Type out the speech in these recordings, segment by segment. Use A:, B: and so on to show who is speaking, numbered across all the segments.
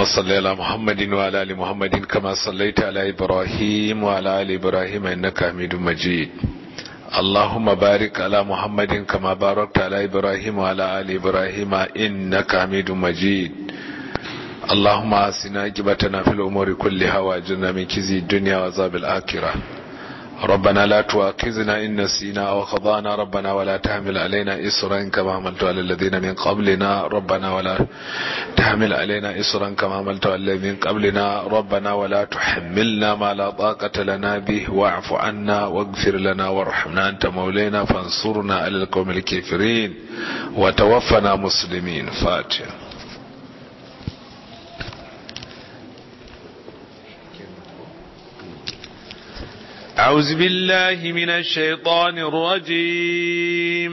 A: اللهم صل على محمد وعلى ال محمد كما صليت على ابراهيم وعلى ال ابراهيم انك حميد مجيد اللهم بارك على محمد كما باركت على ابراهيم وعلى ال ابراهيم انك حميد مجيد اللهم آسنا عقبتنا في الأمور كلها واجرنا من كزي الدنيا وعذاب الآخرة ربنا لا تؤاخذنا إن نسينا أو خضانا ربنا ولا تحمل علينا إسرا كما عملت على الذين من قبلنا ربنا ولا تحمل علينا إسرا كما عملت على الذين من قبلنا ربنا ولا تحملنا ما لا طاقة لنا به واعف عنا واغفر لنا وارحمنا أنت مولينا فانصرنا على القوم الكافرين وتوفنا مسلمين فاتح أعوذ بالله من الشيطان الرجيم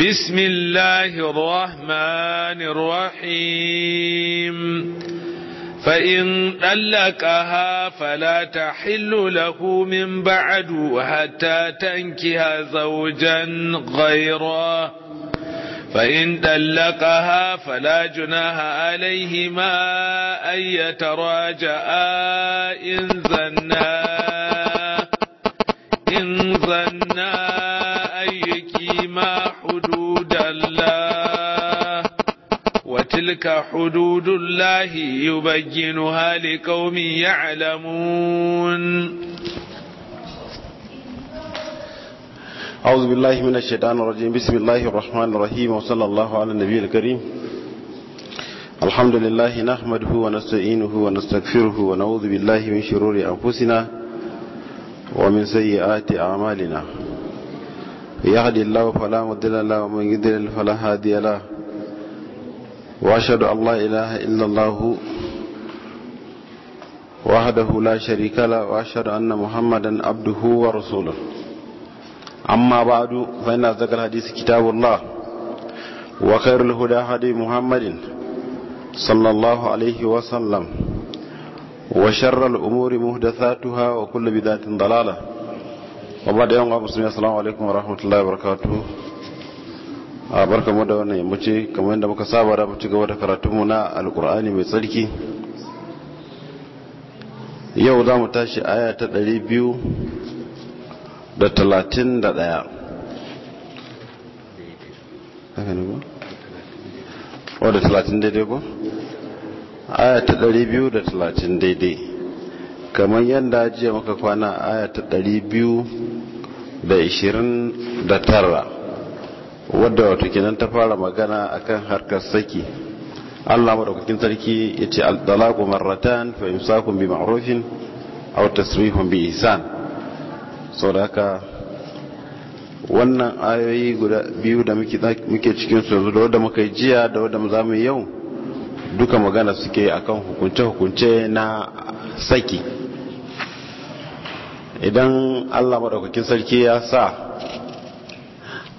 A: بسم الله الرحمن الرحيم فإن طلقها فلا تحل له من بعد حتى تنكها زوجا غيره فإن دلقها فلا جناها عليهما أن يتراجعا إن ظنا إن ظنا أن يكيما حدود الله وتلك حدود الله يبينها لقوم يعلمون
B: أعوذ بالله من الشيطان الرجيم بسم الله الرحمن الرحيم وصلى الله على النبي الكريم الحمد لله نحمده ونستعينه ونستغفره ونعوذ بالله من شرور أنفسنا ومن سيئات أعمالنا يهد الله فلا مضل له ومن يضلل فلا هادي له وأشهد أن لا إله إلا الله وحده لا شريك له وأشهد أن محمدا عبده ورسوله أما بعد فإن أصدق الحديث كتاب الله وخير الهدى هدي محمد صلى الله عليه وسلم وشر الأمور محدثاتها وكل بدعة ضلالة وبعد يوم مسلمين السلام عليكم ورحمة الله وبركاته barka mu da wannan yammaci kamar yadda muka saba da ci gaba da karatunmu na alkur'ani mai tsarki yau za mu tashi aya ta biyu. da talatin da ɗaya haka ne oh, da talatin daidai ko? aya ta ɗari biyu da talatin daidai kamar yadda ajiye maka kwana aya ta ɗari biyu da ishirin da tara wadda wata kinan ta fara magana akan harkar saki Allah maɗaukakin sarki ya ce al-dalaqu marratan fa bi ma'rufin aw tasrihun bi isan sauraka wannan ayoyi guda biyu da muke cikin su da wadda muka yi jiya da wadda za mu yau duka magana suke a kan hukunce-hukunce na saki idan allah maɗaukakin sarki ya sa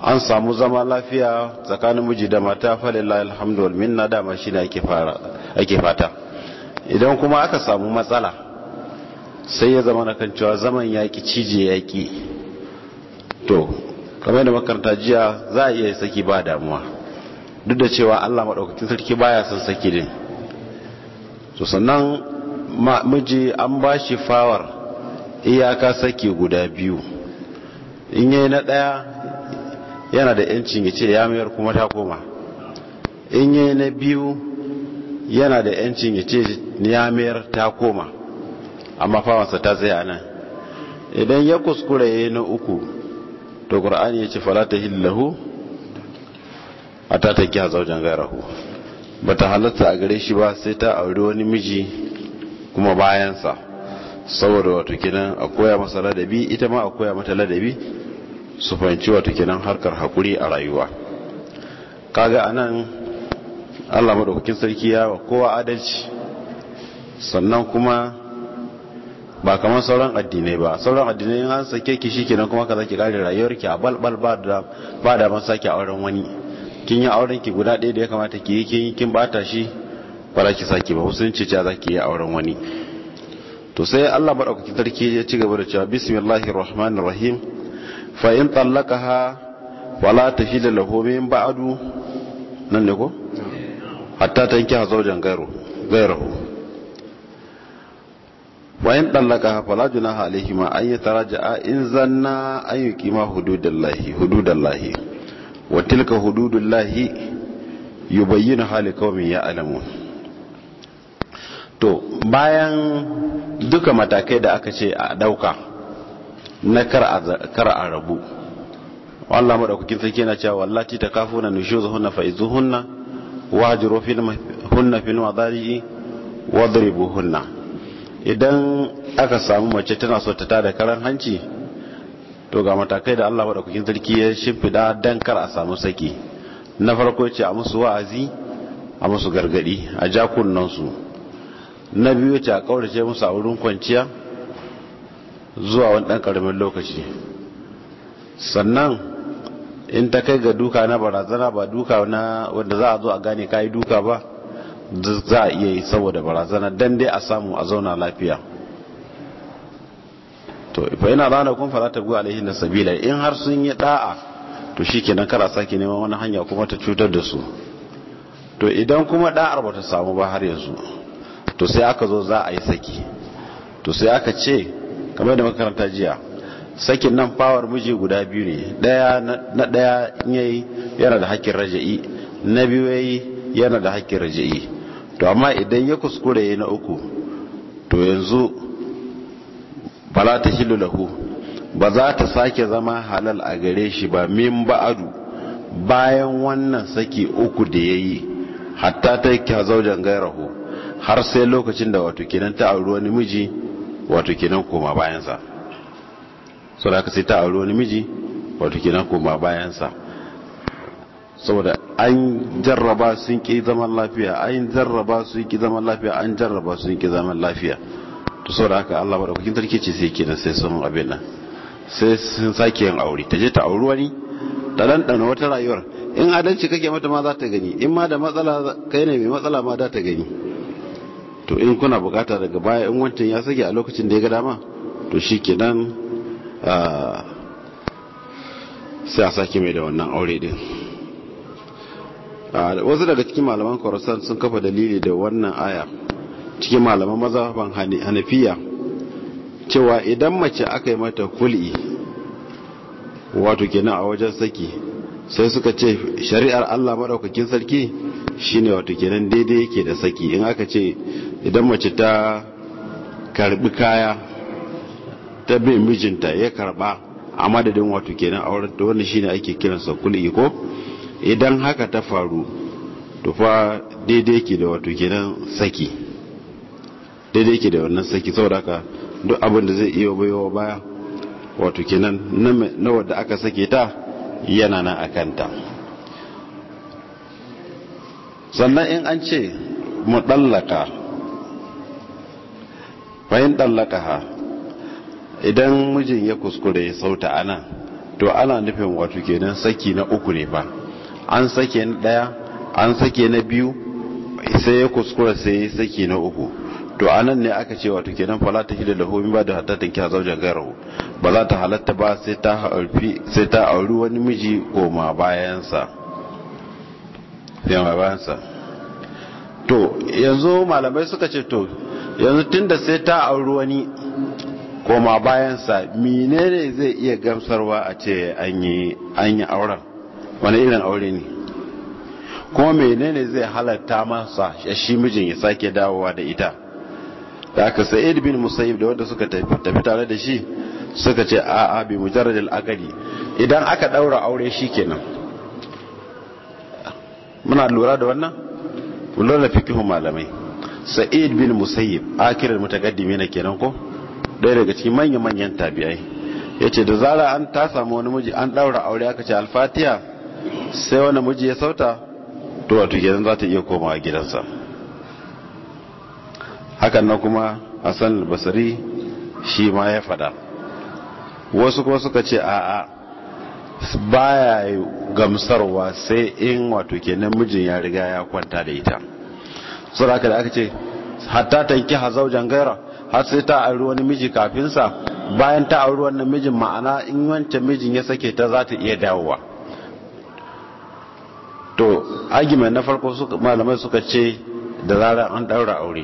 B: an samu zama lafiya tsakanin miji da mata falila alhamdulillah minna dama shi ne ake fata idan kuma aka samu matsala sai ya zama na kan cewa zaman yaƙi cije yaƙi to kamar da makaranta jiya za a iya saki ba damuwa duk da cewa allah maɗaukakin sarki baya son saki din to sannan miji an ba shi fawar iyaka saki guda biyu in yi na ɗaya yana da yancin ya ce ya mayar kuma ta koma in yi na biyu yana da yancin ya ce ya mayar ta koma amma fawansa ta tsaya nan idan ya kuskura ya yi na uku to ƙura'ani ya ci falata hillahu a ta ta kiya zaujen gairahu ba ta halatta a gare shi ba sai ta auri wani miji kuma bayansa saboda wato kinan a koya masa ladabi ita ma a koya mata ladabi su fahimci wato kinan harkar haƙuri a rayuwa kaga anan allah maɗaukakin sarki ya wa kowa adalci sannan kuma ba kamar sauran addinai ba sauran addinai in an sake ki shikenan kuma ka zaki kare rayuwar ki a balbal ba da ban sake auren wani kin yi auren ki guda ɗaya da ya kamata ki yi kin yi kin bata shi ba za ki sake ba musulunci ce za ki yi auren wani to sai Allah madaukakin sarki ya ci gaba da cewa bismillahir rahmanir rahim fa in tallaqaha wala tahilla lahu min ba'du nan ne ko hatta gairu wayan dallaka fala junaha alaihi ma an yataraja'a in zanna an yuqima hududallahi hududallahi wa tilka hududullahi yubayyinu hali qaumin ya'lamun to bayan duka matakai da aka ce a dauka na kar a rabu Allah madaukakin sarki kina cewa wallati takafuna nushuzuhunna fa'izuhunna wahjuruhunna fil madari wadribuhunna idan aka samu mace tana so ta tada karan hanci to ga matakai da Allah madaukakin sarki ya shimfida dan kar a samu saki na farko ce a musu wa'azi a musu gargadi a jakunansu su na biyu ce a kaurace musu a wurin kwanciya zuwa wani dan karamin lokaci sannan in ta kai ga duka na barazana ba duka na wanda za a zo a gane yi duka ba za a iya yi saboda barazana don dai a samu a zauna lafiya to ifa yana zana kun fara ta gu alaihi na sabila in har sun yi da'a to shi kenan kara sake neman wani hanya kuma ta cutar da su to idan kuma da'ar ta samu ba har yanzu to sai aka zo za a yi saki to sai aka ce kamar da makaranta jiya sakin nan fawar miji guda biyu ne daya na daya yana da hakkin raja'i na biyu yayi yana da haƙƙin rajii to amma idan ya kuskure ya na uku to yanzu ba za ta shi lulahu ba za ta sake zama halal a gare shi ba min ba'adu bayan wannan saki uku da ya yi hatta ta yi zaujan gairahu har sai lokacin da wato kinan ta auri wani miji wato kinan koma bayansa sau da aka sai ta auri wani miji wato kinan koma bayansa saboda an jarraba sun ki zaman lafiya an jarraba sun ki zaman lafiya an jarraba sun ki zaman lafiya to saboda haka Allah kukin tarki ce sai kenan sai sun abin nan sai sun sake yin aure ta je ta auri wani ta dandana wata rayuwar in adalci kake mata ma za ta gani in ma da matsala kai ne mai matsala ma za ta gani to in kuna bukata daga baya in wancan ya sake a lokacin da ya ga dama to shikenan ah, sai a sake mai da wannan aure din wasu daga cikin malaman korosan sun kafa dalili da wannan aya cikin malaman mazhaban hanafiya cewa idan mace aka yi mata kul'i wato kenan a wajen saki sai suka ce shari'ar Allah maɗaukakin sarki shine wato kenan daidai yake da saki in aka ce idan mace ta karbi kaya ta bin mijinta ya karba a madadin wato kenan auren to shi shine ake kiransa kul'i ko idan haka ta faru tufa daidai ke da wato kenan saki daidai ke da wannan saki saboda haka duk abin da zai iya baiwa baya wato kenan na wadda aka sake ta yana nan akanta sannan in an ce mu ɗallaka fahim dallaka ha idan mijin ya kuskure ya sauta ana to ana nufin wato kenan saki na uku ne ba an sake na ɗaya an sake na biyu sai ya kuskura sai ya sake na uku to anan ne aka ce wato kenan fala ta hidda lahu min ba da hatta ta kiya zaujan garo ba za ta halatta ba sai ta auri sai ta auri wani miji koma bayansa yamma bayansa to yanzu malamai suka ce to yanzu tunda sai ta auri wani koma bayansa menene zai iya gamsarwa a ce an yi auren wani irin aure ne kuma menene zai halatta masa shi mijin ya sake dawowa da ita da aka sa'id bin musayib da wanda suka tafi tare da shi suka ce a a bi mujarradil aqli idan aka daura aure shikenan muna lura da wannan lura da fikihun malamai sa'id bin musayyib akirar mutaqaddimi ne kenan ko ɗaya daga cikin manyan manyan tabi'ai yace da zara an ta samu wani miji an daura aure aka ce al-fatiha sai wani miji ya sauta to wato kenan za ta iya komawa gidansa hakan na kuma hassan albasari shi ma ya fada wasu kuma suka ce a'a baya gamsarwa sai in wato nan mijin ya riga ya kwanta da ita suraka da aka ce hatta tanki hazaujan gaira har sai ta auri wani miji kafinsa bayan ta auri wannan mijin ma'ana in wancan mijin ya sake ta za ta iya dawowa to argument na farko malamai suka ce da zarar an daura aure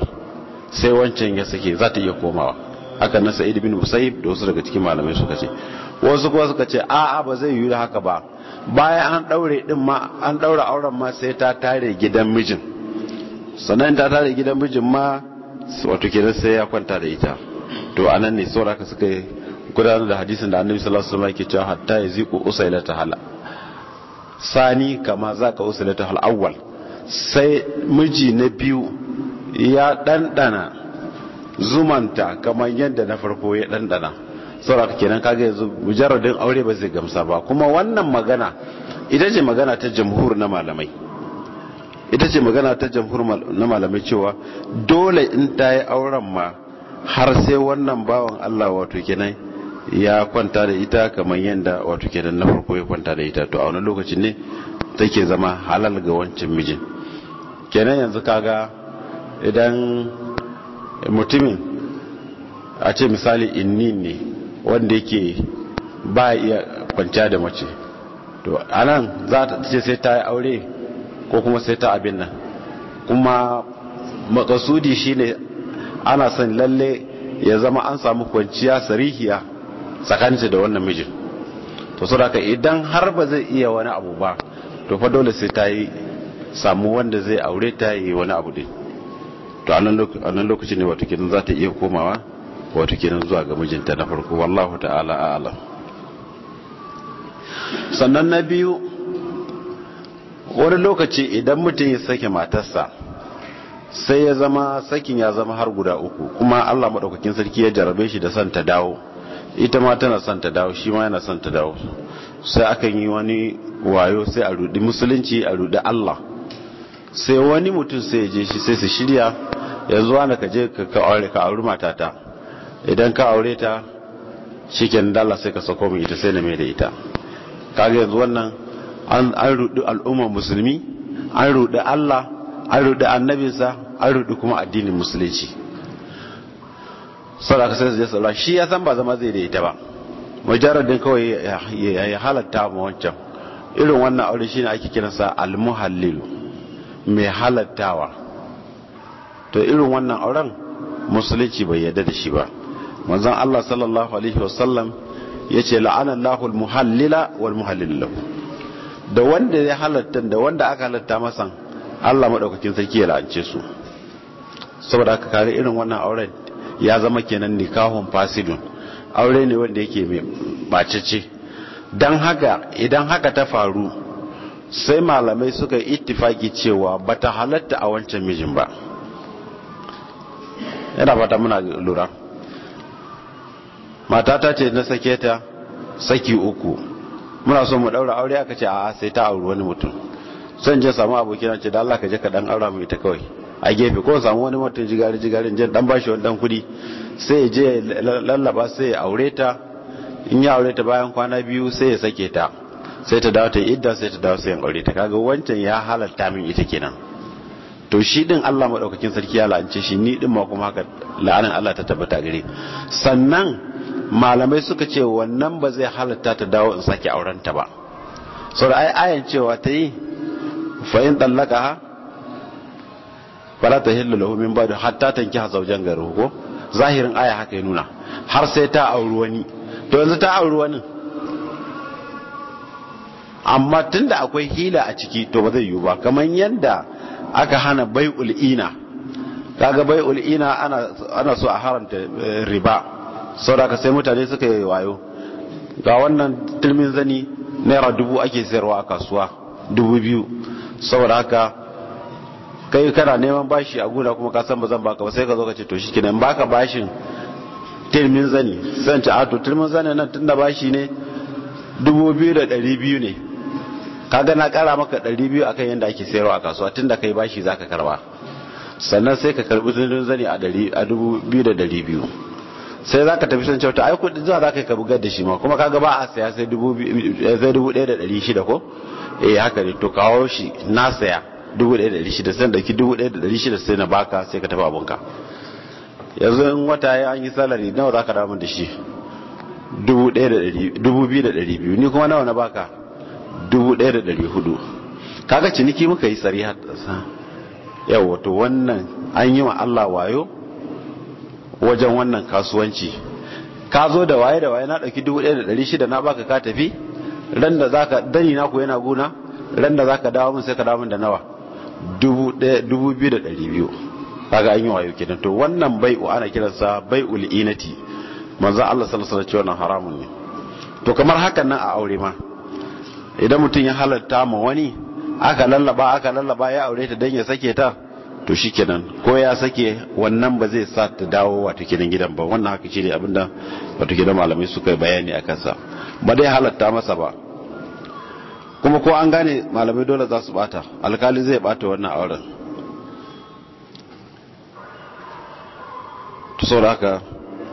B: sai wancan ya sake za ta iya komawa haka na sa'id bin musayyib da wasu daga cikin malamai suka ce wasu kuma suka ce a ba zai yi haka ba bayan an daure din ma an daura auren ma sai ta tare gidan mijin sannan ta tare gidan mijin ma wato kenan sai ya kwanta da ita to anan ne saboda haka suka gudanar da hadisin da annabi sallallahu alaihi wasallam yake cewa hatta yaziqu usailata hala sani kama za ka wasilata al'awwal sai miji na biyu ya ɗanɗana zumanta kamar yadda na farko ya ɗanɗana sauraka kenan kaga yanzu mujarradin aure ba zai gamsa ba kuma wannan magana ita ce magana ta jamhur na malamai ita ce magana ta jamhur na malamai cewa dole in ta yi auren ma har sai wannan bawan allah wato kenan ya kwanta da ita kamar yadda wato da na farko ya kwanta da ita to a wani lokacin ne take zama halal ga wancan mijin kenan yanzu kaga idan mutumin a ce misali inni ne wanda yake ba iya kwanciya da mace to anan za ta ce sai ta yi aure ko kuma sai ta abin nan kuma makasudi shine ana son lalle ya zama an samu kwanciya sarihiya tsakaninta da wannan mijin to saboda idan har ba zai iya wani abu ba to fa dole sai ta yi samu wanda zai aure ta yi wani abu din to a nan lokaci ne wata kenan za ta iya komawa wata kenan zuwa ga mijinta na farko wallahu ta'ala a'lam sannan na biyu wani lokaci idan mutum ya sake matarsa sai ya zama sakin ya zama har guda uku kuma Allah maɗaukakin sarki ya jarabe shi da son ta dawo ita ma tana son ta dawo shi ma yana son ta dawo sai aka yi wani wayo sai a rudi musulunci a rudi Allah sai wani mutum sai je shi sai su shirya yanzu ana ka je ka aure ka auri matata idan ka aure ta shiken dala sai ka sako mai ita sai na mai da ita kaga yanzu wannan an rudi al'ummar musulmi an rudi Allah an rudi annabinsa an rudi kuma addinin musulunci sadaka sai su je shi ya san ba zama zai da ita ba mujarradin kawai ya halatta ma wancan irin wannan aure shine ake kiransa almuhallil mai halattawa to irin wannan auren musulunci bai yarda da shi ba manzon Allah sallallahu alaihi wasallam yace la'ana Allahu almuhallila wal muhallil da wanda ya halatta da wanda aka halatta masa Allah madaukakin sarki ya la'ance su saboda haka kare irin wannan auren ya zama kenan nikahun fasidun aure ne wanda yake mai bacece don haka idan haka ta faru sai malamai suka yi ittifaki cewa bata halatta a wancan mijin ba yana fata muna lura matata ce na sake ta saki uku muna so mu daura aure aka ce a sai ta auri wani mutum son je samu abokina ce da Allah ka je ka dan aura mai ta kawai a gefe ko samu wani mutum jigari jigarin jan dan bashi wani dan kudi sai je lallaba sai ya aure ta in ya aure ta bayan kwana biyu sai ya sake ta sai ta dawo ta idda sai ta dawo sai ya aure ta kaga wancan ya halalta min ita kenan to shi din Allah madaukakin sarki ya la'ance shi ni din ma kuma haka la'anin Allah ta tabbata gare sannan malamai suka ce wannan ba zai halatta ta dawo in sake auren ta ba saboda ai ayan cewa ta yi fa in fala ta lahu min ba'du hatta tankiha zawjan ghayruhu ko zahirin aya haka ya nuna har sai ta auri wani to yanzu ta auri wani amma tunda akwai hila a ciki to ba zai yiwu ba kamar yadda aka hana bai'ul ina kaga bai'ul ina ana so a haramta eh, riba saboda ka sai mutane suka yi wayo ga wannan tilmin zani naira dubu ake sayarwa a kasuwa dubu biyu saboda haka kai kana neman bashi a gona kuma ka san ba zan baka ba sai ka zo ka ce to kenan baka bashin tilmin zani san ta ato ah, tilmin zani nan tunda bashi ne dubu biyu da ɗari biyu ne kaga na ƙara maka ɗari biyu akan yadda ake sayarwa a kasuwa tunda kai bashi zaka karba sannan sai ka karbi tilmin zani a dubu biyu da ɗari biyu sai zaka tafi san kyauta ai kuɗi zuwa zaka ka bugar da shi ma kuma kaga ba a saya eh, sai dubu ɗaya da ɗari shida ko eh haka ne to kawo shi na saya 1600 sai dauki 1600 sai na baka sai ka tafi abunka yanzu in wata ya an yi salari nawa za ka damu da shi 2200 ni kuma nawa na baka 1400 kaga ciniki muka yi tsari sari yau wato wannan an yi wa Allah wayo wajen wannan kasuwanci ka zo da waye da waye na ɗauki 1600 na baka ka tafi ran da za zaka dani na ku yana guna ran da za ka dawo mun sai ka dawo mun da nawa 2,200 kaga an yi wayo kenan to wannan bai'u ana kiransa bai'ul inati manzon Allah sallallahu alaihi wasallam haramun ne to kamar hakan nan a aure ma idan mutum ya halatta ma wani aka lallaba aka lallaba ya aure ta dan ya sake ta to shikenan ko ya sake wannan ba zai sa ta dawo wato kenan gidan ba wannan haka shine abinda wato gidan malamai suka bayani a sa ba dai halatta masa ba kuma ko an gane malamai dole za su bata alkali zai bata wannan auren to saboda haka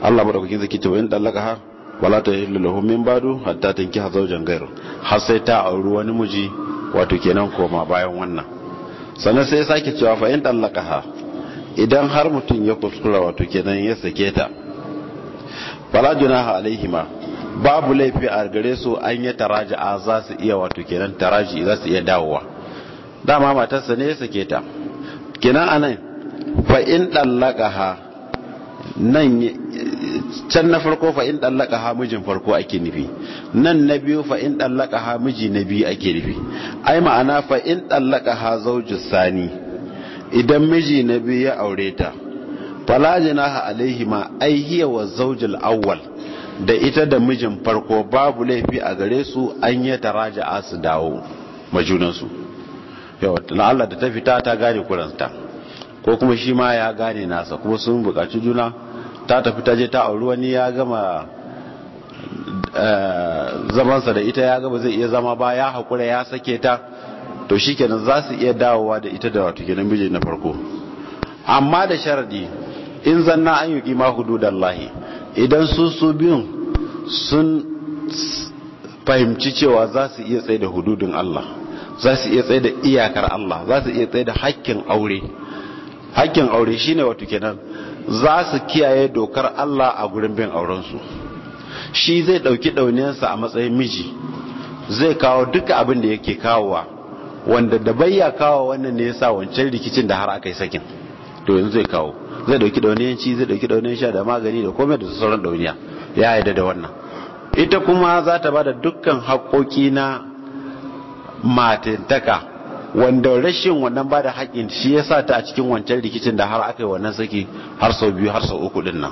B: Allah madaukakin zaki ta bayin dallaka ha wala ta yi lullahu min badu hatta tankiha zawjan ghayru har sai ta auri wani muji wato kenan koma bayan wannan sannan sai sake cewa fa in dallaka ha idan har mutum ya kuskura wato kenan ya sake ta fala junaha alaihima babu laifi a gare su an yi a za su iya wato kenan taraji za su iya dawowa dama matarsa ne ya sake ta kenan anan fa'in ɗallaka ha nan can na farko fa'in ɗallaka ha mijin farko ake nufi nan na biyu fa'in ɗallaka ha miji na biyu ake nufi ai ma'ana fa'in ɗallaka ha zaujin sani idan miji na biyu ya aure ta fala ha alaihima ai hiya wa zawjul awwal da ita da mijin farko babu laifi a gare su an yi a su dawo majunansu na Allah da ta fita ta gane kuranta ko kuma shi ma ya gane nasa kuma sun bukaci juna ta tafi ta je ta auri wani ya gama eh, zamansa da ita ya gama zai iya zama ba ya haƙura ya sake ta to shi kenan za su iya dawowa da ita da wato kenan mijin na farko amma da sharadi in zanna an yi ƙima lahi. idan su su biyun sun fahimci cewa za su iya tsaye da hududin Allah za su iya tsaye da iyakar Allah za su iya tsaye da hakkin aure hakkin aure shine wato kenan za su kiyaye dokar Allah a gurin bin aurensu shi zai ɗauki ɗauniyarsa a matsayin miji zai kawo duka abin da yake kawowa wanda da bayya kawo wannan ne ya sa wancan rikicin da har aka yi sakin to yanzu zai kawo zai dauki dauniyan ci zai dauki dauniyan sha da magani da komai da sauran dauniya ya yarda da wannan ita kuma za ta bada dukkan haƙoƙi na matintaka wanda rashin wannan bada haƙin shi ya sa ta a cikin wancan rikicin da har aka yi wannan saki har sau biyu har sau uku din nan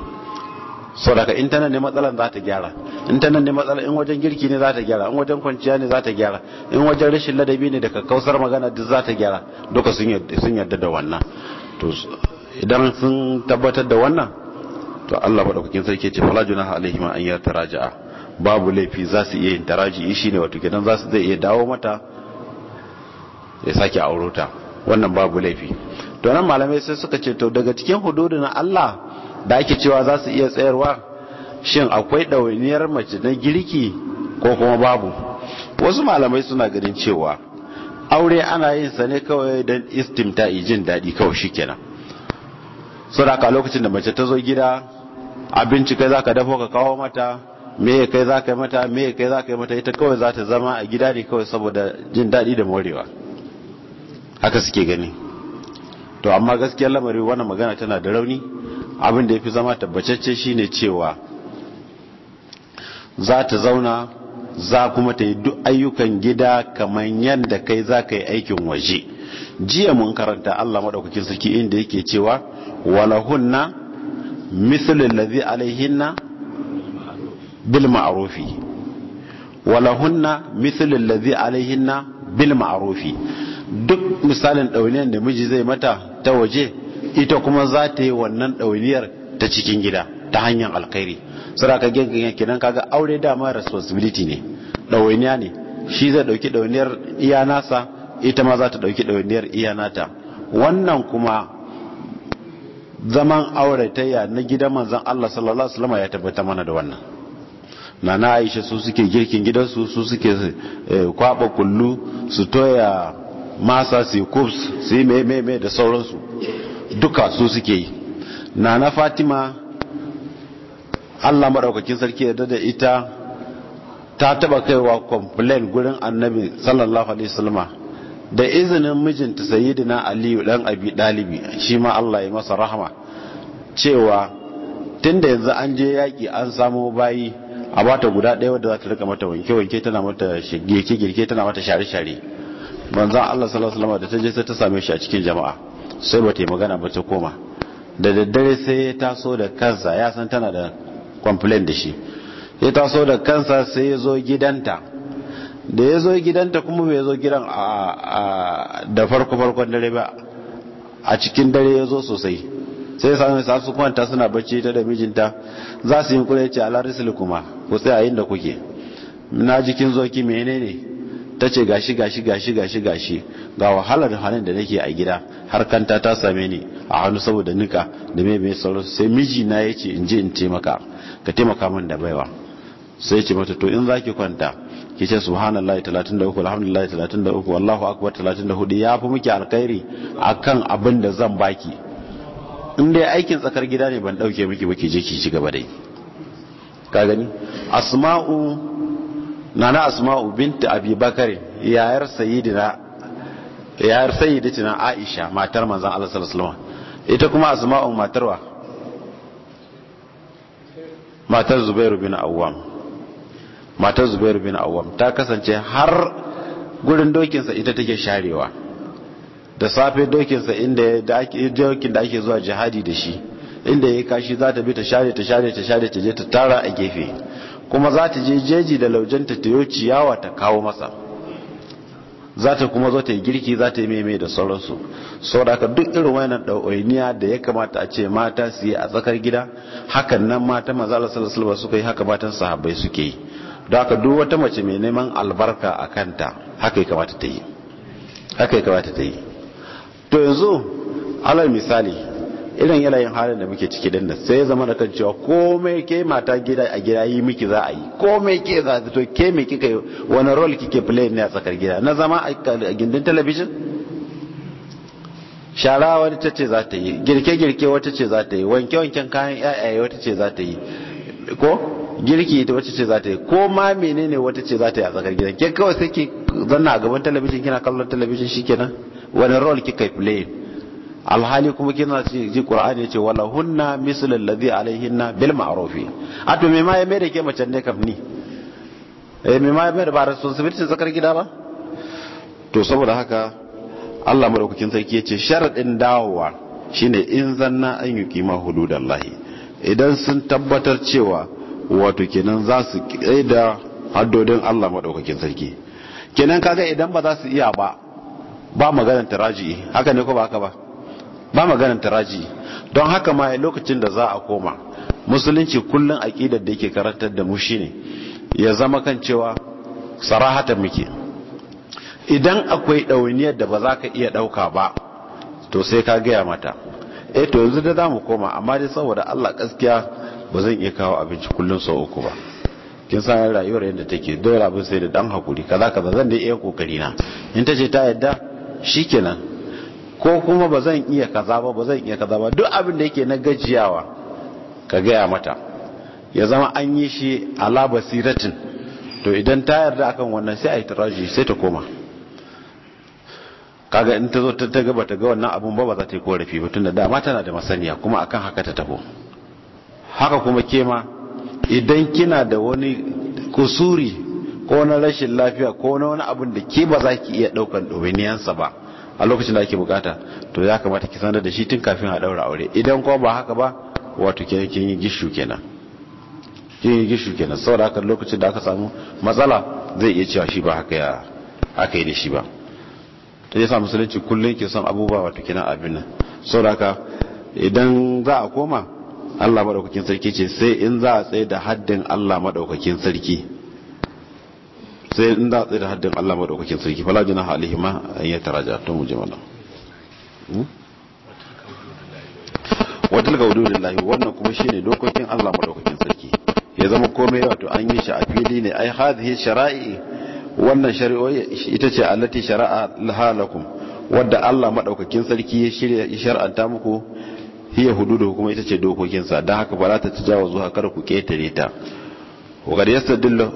B: sau daga intanet ne matsalan za ta gyara intanet ne matsalan in wajen girki ne za ta gyara in wajen kwanciya ne za ta gyara in wajen rashin ladabi ne da kakkausar magana duk za ta gyara duka sun yarda da wannan idan sun tabbatar da wannan to Allah madaukakin sarki ce fala junaha alaihim an yataraja'a babu laifi za su iya yin taraji ne wato gidan za su zai iya dawo mata ya sake auro ta wannan babu laifi to nan malamai sai suka ce to daga cikin hududin na Allah da ake cewa za su iya tsayarwa shin akwai ɗawainiyar mace na girki ko kuma babu wasu malamai suna ganin cewa aure ana yin sa ne kawai don istimta jin daɗi kawai shikenan saboda lokacin da mace ta zo gida abinci kai zaka dafo ka kawo mata me kai zaka yi mata me kai zaka yi mata ita kawai za ta zama a gida ne kawai saboda jin daɗi da morewa haka suke gani to amma gaskiyar lamari wannan magana tana da rauni abin da ya fi zama shi shine cewa za ta zauna za kuma ta yi duk ayyukan gida kamar yadda kai za ka yi aikin waje jiya mun karanta Allah madaukakin sarki inda yake cewa walahunna mithlu allazi alaihinna bil ma'rufi walahunna mithlu alaihinna bil ma'rufi duk misalin ɗauniyar da miji zai mata ta waje ita kuma za ta yi wannan ɗauniyar ta cikin gida ta hanyar alkhairi saraka gengan nan kaga aure dama responsibility ne ɗauniya ne shi zai ɗauki ɗauniyar iya nasa ita ma za ta ɗauki iya iyanata wannan kuma zaman auratayya na gidan manzan Allah sallallahu alaihi wasallam ya tabbata mana da wannan Na na Aisha su suke girkin gidansu su suke eh, kwaba kullu su toya masa su kubs su yi meme da sauransu duka su suke yi Na na Fatima Allah maɗaukakin sarki yadda da ita ta taba kaiwa complain gurin annabi sallallahu alaihi wasallama da izinin mijinta sayyidina aliyu dan abi dalibi shi ma Allah ya masa rahama cewa tunda yanzu an je yaki an samo bayi a bata guda ɗaya wadda za ta rika mata wanke wanke tana mata girke girke tana mata share share banza Allah sallallahu alaihi wasallam da ta je sai ta same shi a cikin jama'a sai ba ta yi magana ba ta koma da daddare sai ya taso da kansa ya san tana da complain da shi ya taso da kansa sai ya zo gidanta da ya zo gidanta kuma bai zo gidan da farko farkon dare ba a cikin dare ya zo sosai sai ya sami sa su kwanta suna bacci ta da mijinta za su yi kula ya ce alarisul kuma ku a yin da kuke na jikin zoki menene ta ce gashi gashi gashi gashi gashi ga wahalar hannun da nake a gida har kanta ta same ni a hannu saboda nika da mai mai sauro sai miji na ya ce in je in taimaka ka taimaka min da baiwa sai ce mata to in za ki kwanta ki ce subhanallahi 33 alhamdulillahi 33 wallahu akbar 34 ya fi muke alkhairi akan abin da zan baki in dai aikin tsakar gida ne ban dauke miki ba ki je ki ci gaba dai ka gani asma'u nana asma'u binta abi bakar yayar sayyidina yayar sayyidatina aisha matar manzon Allah sallallahu alaihi wasallam ita kuma asma'u matarwa matar zubairu bin awwam matar Zubairu bin awam ta kasance har gurin dokinsa ita take sharewa da safe dokinsa inda dokin da ake zuwa jihadi da shi inda ya kashi za ta bi ta share ta share ta share ta je ta tara a gefe kuma za ta je jeji da laujanta ta yo ciyawa ta kawo masa za ta kuma zo ta yi girki za ta yi meme da sauransu sau da duk irin wayanan ɗau'ainiya da ya kamata a ce mata su yi a tsakar gida hakan nan mata maza Allah suka yi haka matan sahabbai suke yi don haka duk wata mace mai neman albarka a kanta haka ya kamata ta yi haka ya kamata ta yi to yanzu alal misali irin yanayin halin da muke ciki dinnan sai ya zama da kan cewa komai ke mata gida a gida yi miki za a yi komai ke za to ke me kika yi wani rol kike play ne a tsakar gida na zama a gindin talabijin shara ta ce za ta yi girke-girke wata ce za ta yi wanke-wanken kayan 'ya'ya wata ce za ta yi ko girki ita wacce ce za ta yi ko ma menene wata ce za ta yi a tsakar gidan ke kawai sai ki zanna a gaban talabijin kina kallon talabijin shikenan wani role kika play alhali kuma kina ji qur'ani yace wala hunna mislul ladhi alaihinna bil ma'rufi a to me ma ya mai da ke macen ne kam ni eh me ma ya mai da ba responsibility tsakar gida ba to saboda haka Allah madaukakin sarki yace sharadin dawowa shine in zanna an yuqima hududallahi idan sun tabbatar cewa wato kenan za su da haddodin Allah maɗaukakin sarki kenan kaga idan ba za su iya ba ba maganar taraji haka ne ko ba haka ba ba maganar taraji don haka ma ya lokacin da za a koma musulunci kullum aƙidar da yake karantar da mu shine ya zama kan cewa sarahatar muke idan akwai ɗauniyar da ba za ka iya ɗauka ba to sai ka gaya mata eh to yanzu da za mu koma amma dai saboda Allah gaskiya ba zan iya kawo abinci kullum sau uku ba kin san rayuwar yadda take dole abin sai da dan hakuri kaza kaza zan da iya kokari na in tace ta yadda shikenan ko kuma ba zan iya kaza ba ba zan iya kaza ba duk abin da yake na gajiyawa ka gaya mata ya zama an yi shi ala basiratin to idan ta yarda akan wannan sai a yi taraji sai ta koma kaga in ta zo ta ga bata ga wannan abun ba ba za ta yi korafi ba tunda dama tana da masaniya kuma akan haka ta taho haka kuma kema idan kina da wani kusuri ko na rashin lafiya ko na wani abin da ke ba za ki iya ɗaukan ɗawainiyansa ba a lokacin da ake bukata to ya kamata ki sanar da shi tun kafin a ɗaura aure idan kuma ba haka ba wato kin yi gishu kenan kin yi gishu kenan saboda haka lokacin da aka samu matsala zai iya cewa shi ba haka ya aka yi da shi ba ta sa musulunci kullum ke son abubuwa wato kenan abin nan saboda haka idan za a koma Allah maɗaukakin sarki ce sai in za a tsaye da haddin Allah maɗaukakin sarki sai in za a tsaye da haddin Allah maɗaukakin sarki fala jina halihi ma an yi taraja to mu ji mana hmm? wata ga wudurin lahi wannan kuma ne dokokin Allah maɗaukakin sarki ya zama komai wato an yi shi a fili ne ai hadhihi shara'i wannan shari'o'i ita ce allati shara'a lahalakum wadda Allah maɗaukakin sarki ya shirya muku hiya da kuma ita ce dokokinsa don haka ba za ta jawo zuwa kar ku ketare ta wa qad yastadillu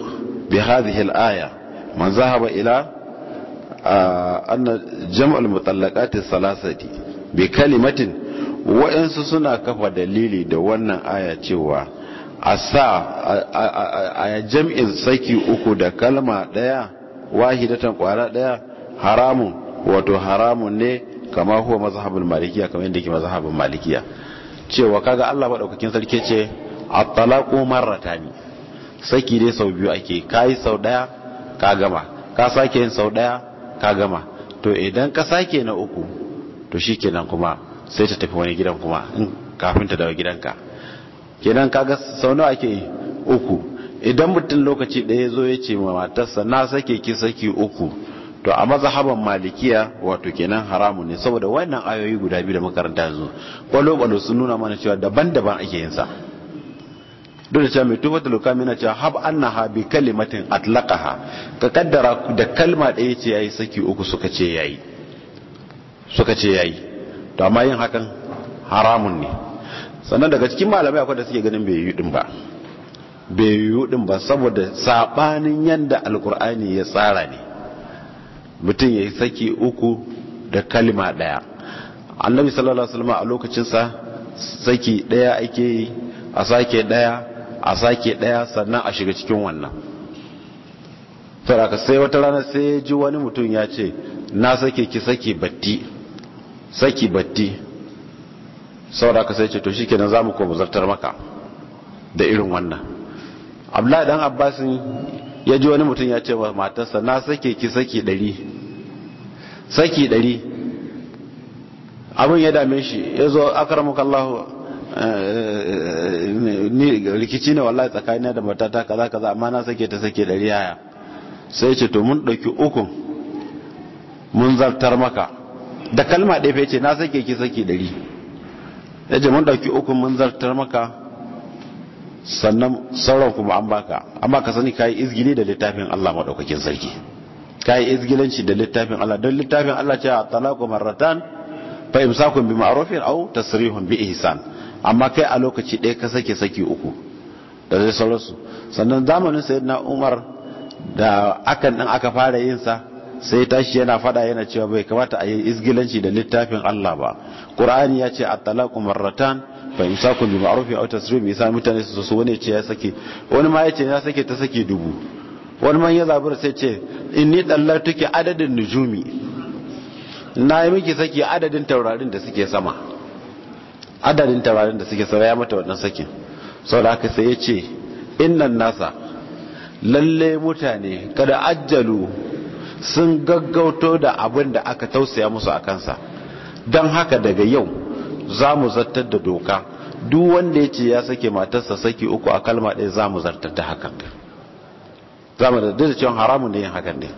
B: bi hadhihi al-aya man zahaba ila anna jam'al mutallaqati salasati bi kalimatin wa'ansu suna kafa dalili da wannan aya cewa a a jam'in saki uku da kalma daya wahidatan kwara daya haramun wato haramun ne kama huwa mazhabul malikiya kama yadda yake mazhabul malikiya cewa kaga Allah madaukakin sarki ce at-talaqu marratani saki dai sau biyu ake kai sau daya ka gama ka sake yin sau daya ka gama to idan ka sake na uku to shikenan kuma sai ta tafi wani gidan kuma in kafin ta dawo gidanka kenan kaga sau nawa ake uku idan mutum lokaci daya zo ya ce ma matarsa na sake ki saki uku to a mazhaban malikiya wato kenan haramun ne saboda wannan ayoyi guda biyu da makaranta yanzu kwalo kwalo sun nuna mana cewa daban-daban ake yin sa duk da cewa mai tuba da lukami na cewa hab annaha bi kalimatin atlaqaha ka kaddara da kalma ɗaya ce yayi saki uku suka ce yayi suka ce yayi to amma yin hakan haramun ne sannan daga cikin malamai akwai da suke ganin bai yi din ba bai yi din ba saboda sabanin yanda alkur'ani ya tsara ne mutum ya yi saki uku da kalima ɗaya annabi sallallahu alaihi wasallam a lokacinsa saki ɗaya ake yi a sake ɗaya a sake ɗaya sannan a shiga cikin wannan saraka sai wata rana sai ya ji wani mutum ya ce na sake ki saki batti saki batti sauraka sai ce to shi kenan za mu ko zartar maka da irin wannan abdullahi dan abbasin ya ji wani mutum ya ce wa matarsa na sake ki saki ɗari saki ɗari abin ya dame shi ya zo akaramuka Allah eh, eh, ni rikici ne wallahi tsakani da matata kaza kaza amma na sake ta sake ɗari yaya sai ce to mun ɗauki ukun mun zartar maka da kalma ɗaya fece na sake ki saki ɗari ya ce mun ɗauki ukun mun zartar maka sannan sauran kuma an baka amma ka sani kayi izgili da littafin Allah madaukakin sarki kayi izgilanci da littafin Allah don littafin Allah ce a talaku marratan fa imsakun bi ma'rufin aw tasrihun bi ihsan amma kai a lokaci ɗaya ka sake saki uku da zai sauransu sannan zamanin sayyidina Umar da akan din aka fara yin sa sai tashi yana fada yana cewa bai kamata a yi izgilanci da littafin Allah ba Qur'ani ya ce a talaqu marratan fa imsakun bi ma'ruf aw tasrif yasa mutane su so wani ce ya sake wani ma ya ce ya sake ta sake dubu wani man ya zabura sai ce inni dallatuki adadin nujumi na yi miki saki adadin taurarin da suke sama adadin taurarin da suke sama ya mata wannan sakin sau da aka sai ya ce innan nasa lalle mutane kada ajjalu sun gaggauto da abin da aka tausaya musu a kansa don haka daga yau za mu zartar da doka duk wanda ya ce ya sake matarsa saki uku a kalma ɗaya za mu zartar da hakan za mu zartar da cewa haramun da yin hakan ne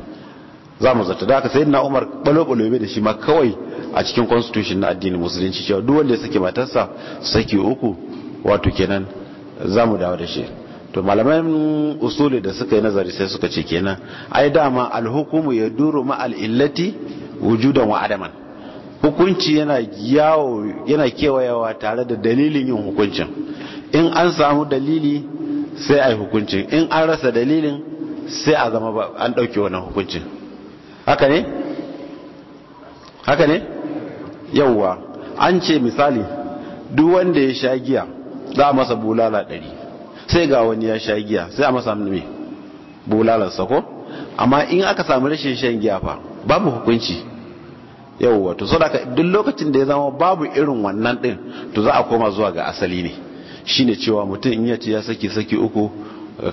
B: za mu zartar da haka sai na umar ɓalo-ɓalo da shi ma kawai a cikin constitution na addinin musulunci cewa duk wanda ya sake matarsa saki uku wato kenan za mu dawo da shi to malaman usuli da suka yi nazari sai suka ce kenan ai dama alhukumu ya duru ma al'illati wujudan wa adaman hukunci yana yawo yana kewayawa tare da dalilin yin hukuncin in an samu dalili sai a yi hukuncin in an rasa dalilin sai a zama ba an ɗauke wannan hukuncin haka ne? haka ne? yauwa an ce misali duk wanda ya sha giya za a masa bulala ɗari sai ga wani ya sha giya sai a masa mai bulalarsa ko amma in aka samu rashin shan giya fa babu hukunci yawwa to saboda duk lokacin da ya zama babu irin wannan din to za a koma zuwa ga asali ne shine cewa mutum in ya ci ya saki saki uku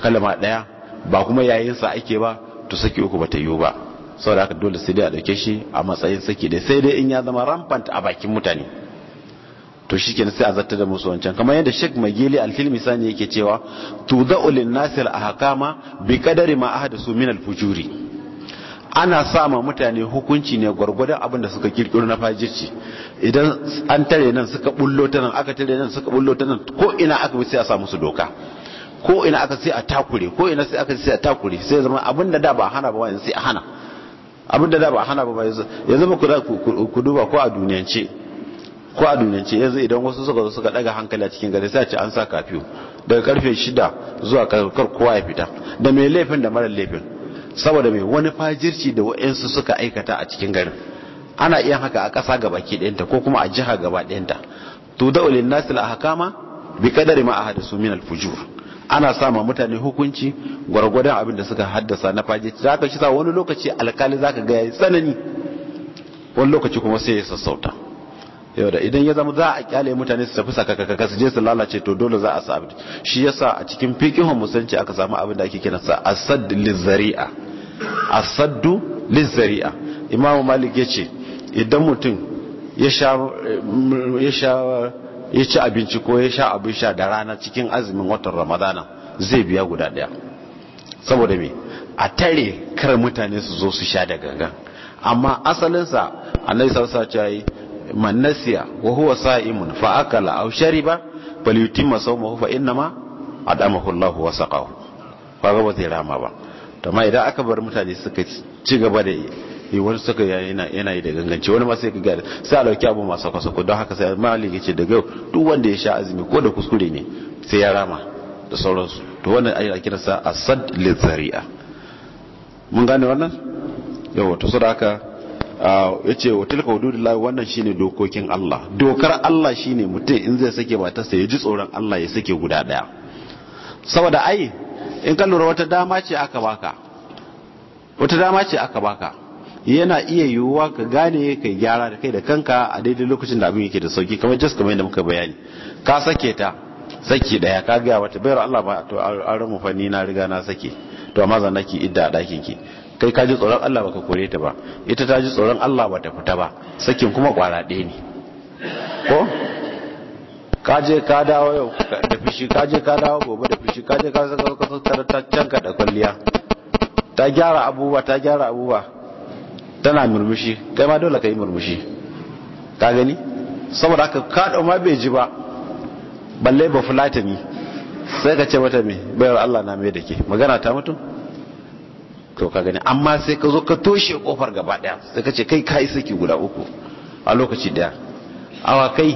B: kalma daya ba kuma yayin sa ake ba to saki uku bata yiwu ba saboda haka dole sai dai a dauke shi a matsayin saki dai sai dai in ya zama rampant a bakin mutane to shikenan sai a zatta da musu wancan kamar yadda Sheikh Magili Al-Filmi sani yake cewa tudau lin nasir ahkama bi qadari ma ahadasu min al-fujuri ana sama mutane hukunci ne gwargwadon abin da suka kirkiro na fajirci idan an tare nan suka bullo ta nan aka tare nan suka bullo ta nan ko ina aka bi sai a sa musu doka ko ina aka sai a takure ko ina sai aka sai a takure sai zama abin da da ba hana ba yanzu sai a hana abin da da ba hana ba yanzu yanzu ba ku duba ko a duniyance ko a duniyance yanzu idan wasu suka zo suka daga hankali a cikin gari sai a ce an sa kafiyo daga karfe shida zuwa karfe kowa ya fita da mai laifin da mara laifin saboda mai wani fajirci da wa'insu suka aikata a cikin garin ana iya haka a ƙasa gaba ki ɗayanta ko kuma a jiha gaba ɗayanta to da ulil la hakama bi kadari ma ahadasu min al fujur ana sama mutane hukunci gwargwadon abin da suka haddasa na fajirci zaka shi sa wani lokaci alkali zaka ga yayi tsanani wani lokaci kuma sai ya sassauta yau da idan ya zama za a kyale mutane su tafi sakakaka su je su lalace to dole za a sa abin shi yasa a cikin fiqihun musanci aka samu abin da ake kiransa asad lizari'a asaddu lizari'a imamu malik yace idan mutum ya sha ya ci abinci ko ya sha abin sha da rana cikin azumin watan ramadana zai biya guda daya saboda me a tare kar mutane su zo su sha da gangan amma asalinsa annabi sallallahu alaihi wasallam man nasiya wa huwa sa'imun fa akala aw shariba yutimma sawmahu fa ma adamahu Allahu wa saqahu ba ba wata rama ba to amma idan aka bar mutane suka ci gaba da yi wani suka yana yana da ganganci wani ma sai ka gada sai a abu masu kwasa don haka sai malik yace daga yau duk wanda ya sha azumi ko da kuskure ne sai ya rama da sauransu to wannan ayi sa asad lizari'a mun gane wannan yawa to saboda haka Ah, ya ce wa tilka wannan shine dokokin Allah dokar Allah shine mutum in zai sake ba ta ya ji tsoron Allah ya sake guda daya saboda ai in ka lura wata dama ce aka baka wata dama ce aka baka yana iya yiwuwa ka gane kai gyara da kai da kanka a daidai lokacin da abin yake da sauki kamar jas kamar yadda muka bayani ka sake ta saki daya ka ga wata bayar Allah ba to an ramu ni na riga na sake to amma zan nake idda a dakin ki kai ka ji tsoron Allah baka kore ta ba ita ta ji tsoron Allah bata fita ba sakin kuma kwara ɗaya ne ko ka je ka dawo yau da fishi ka je ka dawo gobe da fishi ka je ka saka ka tattara ta canka da kwalliya ta gyara abubuwa ta gyara abubuwa tana murmushi kai ma dole ka yi murmushi ka gani saboda haka ka ma bai ji ba balle ba fulatani sai ka ce mata me bayar Allah na mai da ke magana ta mutum to ka gani amma sai ka zo ka toshe kofar gaba daya sai ka ce kai ka yi saki guda uku a lokaci daya awa kai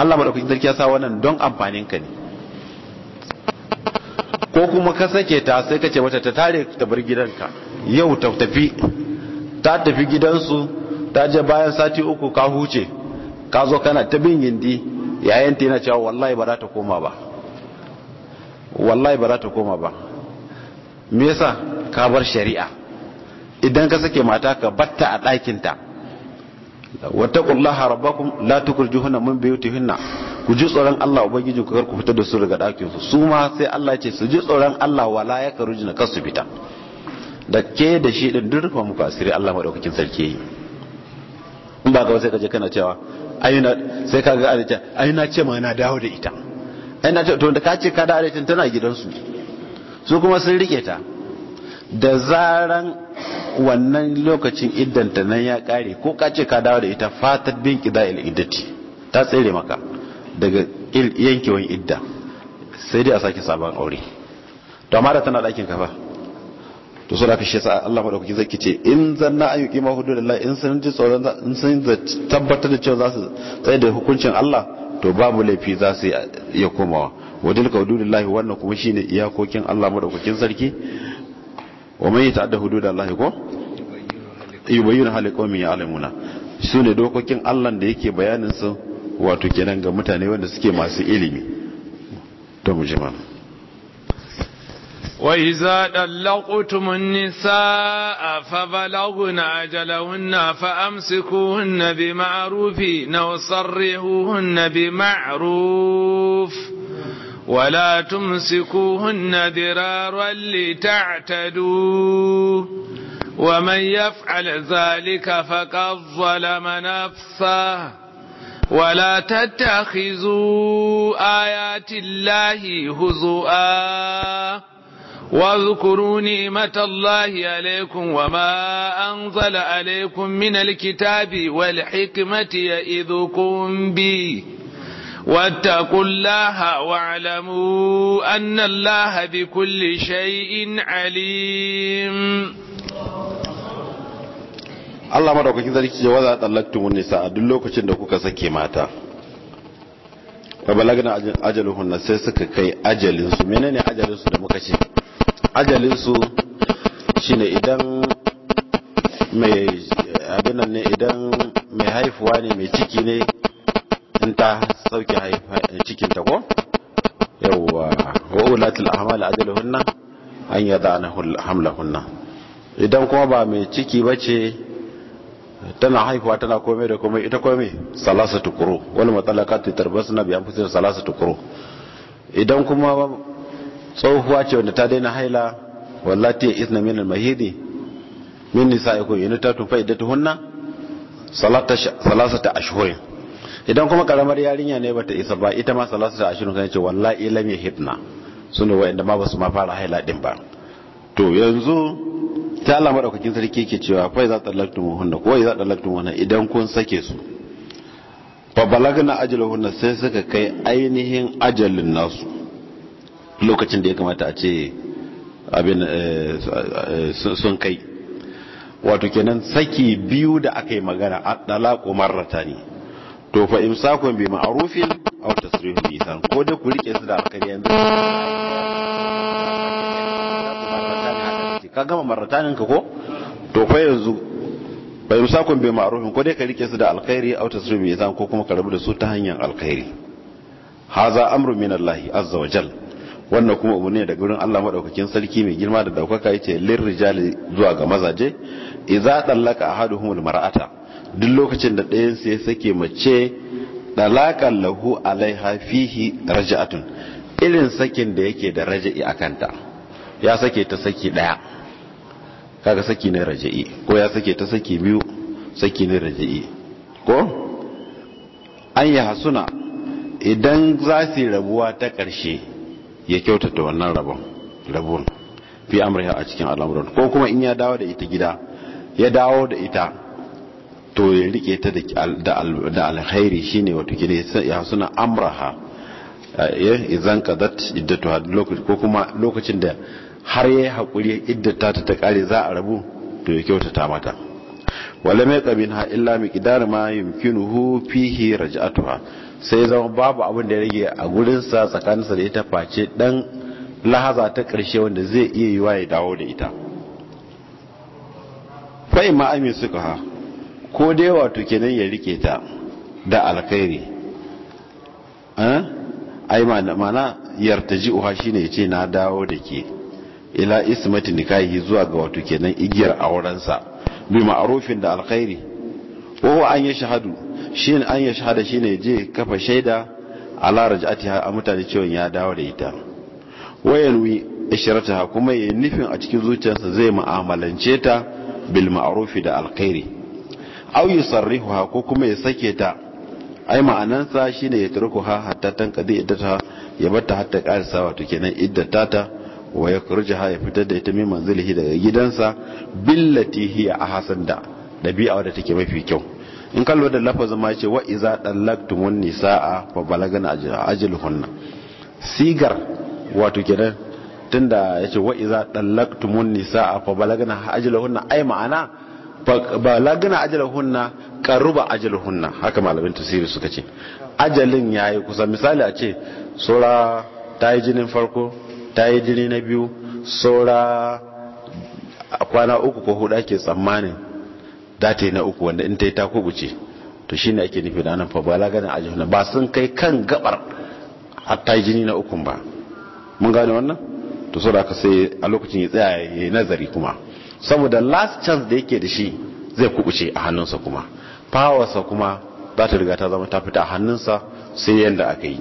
B: Allah madaukakin sarki ya sa wannan don amfanin ka ne ko kuma ka sake ta sai ka ce wata ta tare ta bar gidanka yau ta tafi ta tafi gidansu ta je bayan sati uku ka huce ka zo kana ta bin yindi yayin ta yana cewa wallahi ba za ta koma ba wallahi ba za ta koma ba me yasa ka bar shari'a idan ka sake mata ka batta a ɗakinta wattaqullaha rabbakum la tukhrijuhunna min buyutihinna ku ji tsoron Allah ubangiji ku kar ku fita da su daga ɗakin su su ma sai Allah ce su ji tsoron Allah wala ya karujina kan su fita da ke da shi din duk rufa muku asiri Allah madaukakin sarki yi in ba ka sai kaje kana cewa aina sai kaga ana ce aina ce ma na dawo da ita aina ce to da ka ce ka da aretin tana gidansu su kuma sun rike ta da zaran wannan lokacin iddanta nan ya kare ko kace ka dawo da ita fatar bin kida iddati ta tsere maka daga yankewan idda sai dai a sake sabon aure to amma da tana dakin kafa to so da ka shesa Allah madaukaki zaki kice in zanna an yuki ma hududullah in sun ji tsoron in sun tabbatar da cewa za su tsaye da hukuncin Allah to babu laifi za su ya komawa wadilka tilka wannan kuma shine iyakokin Allah madaukakin sarki wa man yata'adda hududallahi ko yubayyinu hal qaumin ya'lamuna sune dokokin Allah da yake bayanin su wato kenan ga mutane wanda suke masu ilimi to mu jama'a
A: وإذا fa النساء ajalahunna fa amsikuhunna بمعروف أو sarrihuhunna bima'ruf ولا تمسكوهن درارا لتعتدوا ومن يفعل ذلك فقد ظلم نفسه ولا تتخذوا آيات الله هزؤا واذكروا نعمة الله عليكم وما أنزل عليكم من الكتاب والحكمة يئذكم به واتقوا الله واعلموا أن الله بكل شيء عليم Allah
B: ma madaukakin sarki ce waza tallaktumun nisa a duk lokacin da kuka sake mata fa balagna ajaluhunna sai suka kai ajalin su menene ajalin su da muka ce ajalin su shine idan mai abinan ne idan mai haifuwa ne mai ciki ne in ta sauke cikinta ko yawwa wa ulatul ahmal ajaluhunna an yadana hamlahunna idan kuma ba mai ciki bace tana haihuwa tana komai da komai ita komai salasa tukuru wani matsalakatu tarbasuna bi anfusihim salasa tukuru idan kuma tsohuwa ce wanda ta daina haila wallati isna min al-mahidi min nisa'ikum in tatun fa Salasa ta ashhurin idan kuma karamar yarinya ne bata isa ba ita ma salatu ta ashirin kan ce wallahi lam yahibna sune wa'anda ma basu ma fara haila din ba to yanzu ta Allah madaukakin sarki yake cewa fa iza talaktum hunna ko iza talaktum hunna idan kun sake su fa balagna ajaluhunna sai suka kai ainihin ajalin nasu lokacin da ya kamata a ce abin eh, eh, sun kai wato kenan saki biyu da aka yi magana a dalaku marrata ne to fa imsakun bi ma'rufin aw tasrihun bi san ko da ku rike su da alkhairi yanzu ka gama maratanin ka ko to fa yanzu fa imsakun bi ma'rufin ko dai ka rike su da alkhairi aw tasrihun bi san ko kuma ka rabu da su ta hanyar alkhairi haza amru min Allah azza wa jal wannan kuma abu ne daga wurin Allah madaukakin sarki mai girma da daukaka yace lirrijali zuwa ga mazaje idza dallaka ahaduhumul mar'ata duk lokacin da ɗayan sai sake mace dalakan lahu alaiha fihi raja'atun irin sakin da yake da raja'i a kanta ya sake ta saki ɗaya kaga saki ne raja'i ko ya sake ta saki biyu saki ne raja'i ko an yi hasuna idan za su rabuwa ta ƙarshe ya kyautata wannan rabon fi amriha a cikin al'amuran ko kuma in ya dawo da ita gida ya dawo da ita to ya rike ta da alkhairi shine wato gida ya suna amraha eh, idan qadat iddatu lokaci ko kuma lokacin da har ya yi hakuri iddata ta ta kare za a rabu to ya kyautata mata wala mai qabin ha illa mai miqdar ma yumkinuhu fihi raj'atuha sai zama babu abin da ya rage a gurin tsakaninsa da ita face dan lahaza ta ƙarshe wanda zai iya yi wa ya dawo da ita fa'in ma'amin suka ha ko dai wato kenan ya rike ta da alkhairi eh? ai mana yartaji uha shine yace na dawo da ke ila ismati nikahi zuwa ga wato kenan igiyar aurensa bi ma'rufin da alkhairi ko an ya shahadu an ya shahada shine je kafa shaida ala raj'atiha a mutane cewa ya dawo da ita wayanwi ishirataha kuma yayin nufin a cikin zuciyarsa zai mu'amalance ta bil ma'rufi da alkhairi aw yusarrihuha ko kuma ya sake ta ai ma'anansa shi ne ya turkuha hatta tankadi iddata ya bata hatta karisa wato kenan iddata ta wa ha ya fitar da ita min manzilihi daga gidansa billati a hasan da dabi'a wadda take mafi kyau in kallo da lafazin ma ce wa iza wani sa'a fa balagana ajaluhunna sigar wato kenan tunda ce wa iza wani sa'a fa balagana ajaluhunna ai ma'ana ba lagana hunna karuba hunna haka malamin tafsiri suka ce ajalin yayi kusa misali a ce saura ta yi jinin farko ta yi jini na biyu saura kwana uku ko hudu ake tsammanin za ta na uku wanda in ta yi ta kubuce to shi ne ake nufi da nan fa ba lagana ajalahunna ba sun kai kan gabar har ta yi jini na ukun ba mun gane wannan to saboda aka sai a lokacin ya tsaya ya nazari kuma saboda last chance da yake da shi zai kubuce a hannunsa kuma fawarsa kuma za ta riga ta zama ta fita a hannunsa sai yadda aka yi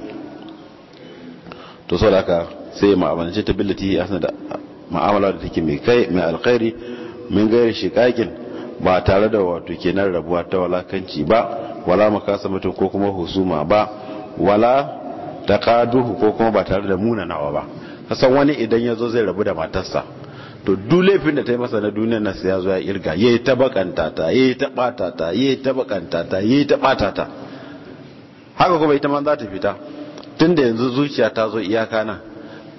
B: to sau da aka sai ma'amalance ta billati ya sanar da ma'amala da take mai alkhairi min gairi shikakin ba tare da wato kenan rabuwa ta walakanci ba wala makasa mutum ko kuma husuma ba wala ta kaduhu ko kuma ba tare da munanawa ba kasan wani idan ya zo zai rabu da matarsa to duk laifin da ta yi masa na duniyar nasu ya zo ya irga ya yi ta bakanta ta ya yi ta bata ta ya yi ta bakanta ta ya yi ta bata ta haka kuma ita man za ta fita tun da yanzu zuciya ta zo iyaka na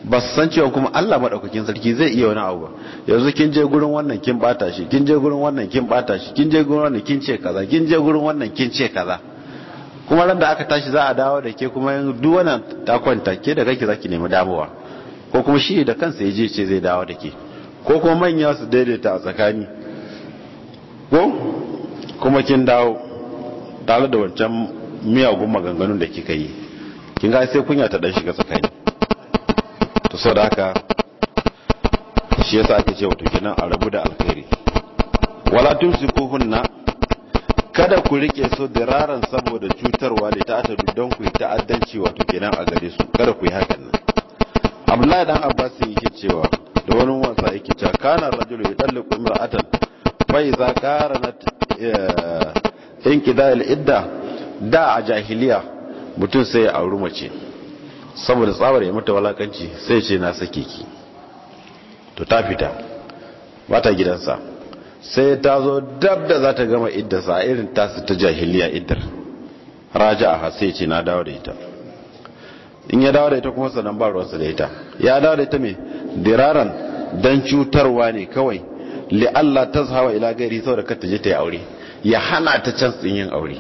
B: ba su san cewa kuma Allah maɗaukakin sarki zai iya wani abu yanzu kin je gurin wannan kin bata shi kin je gurin wannan kin bata shi kin je gurin wannan kin ce kaza kin je gurin wannan kin ce kaza kuma ran da aka tashi za a dawo da ke kuma duk wannan ta kwanta ke da kake zaki nemi damuwa ko kuma shi da kansa ya je ce zai dawo da ke ko kuma manya su daidaita a tsakani ko kuma kin dawo tare da wancan miyagun maganganun da kika yi kin ga sai kunya ta dan shiga tsakani to saboda haka shi yasa ake cewa to kenan a rabu da alkhairi wala tumsikuhunna kada ku rike su diraran saboda cutarwa da ta ta don ku yi ta'addanci wato kenan a gare su kada ku yi hakan nan Abdullahi dan Abbas yake cewa da wani wasa yake cewa kana rajulu yudalliqu imra'atan fa idza qaranat eh, inqida'il idda da a jahiliya mutum sai ya auri mace saboda tsabar ya mata walakanci sai ce na sake ki to ta fita ba ta gidansa sai ta zo dab da za ta gama iddarsa a irin tasu ta jahiliya iddar raja'a sai ce na dawo da ita in ya dawo da ita kuma sanan ba ruwansa da ita ya dawo da ita me diraran don cutarwa ne kawai li'alla ta zahawa ila gairi da kar ta je ta yi aure ya hana ta can din yin aure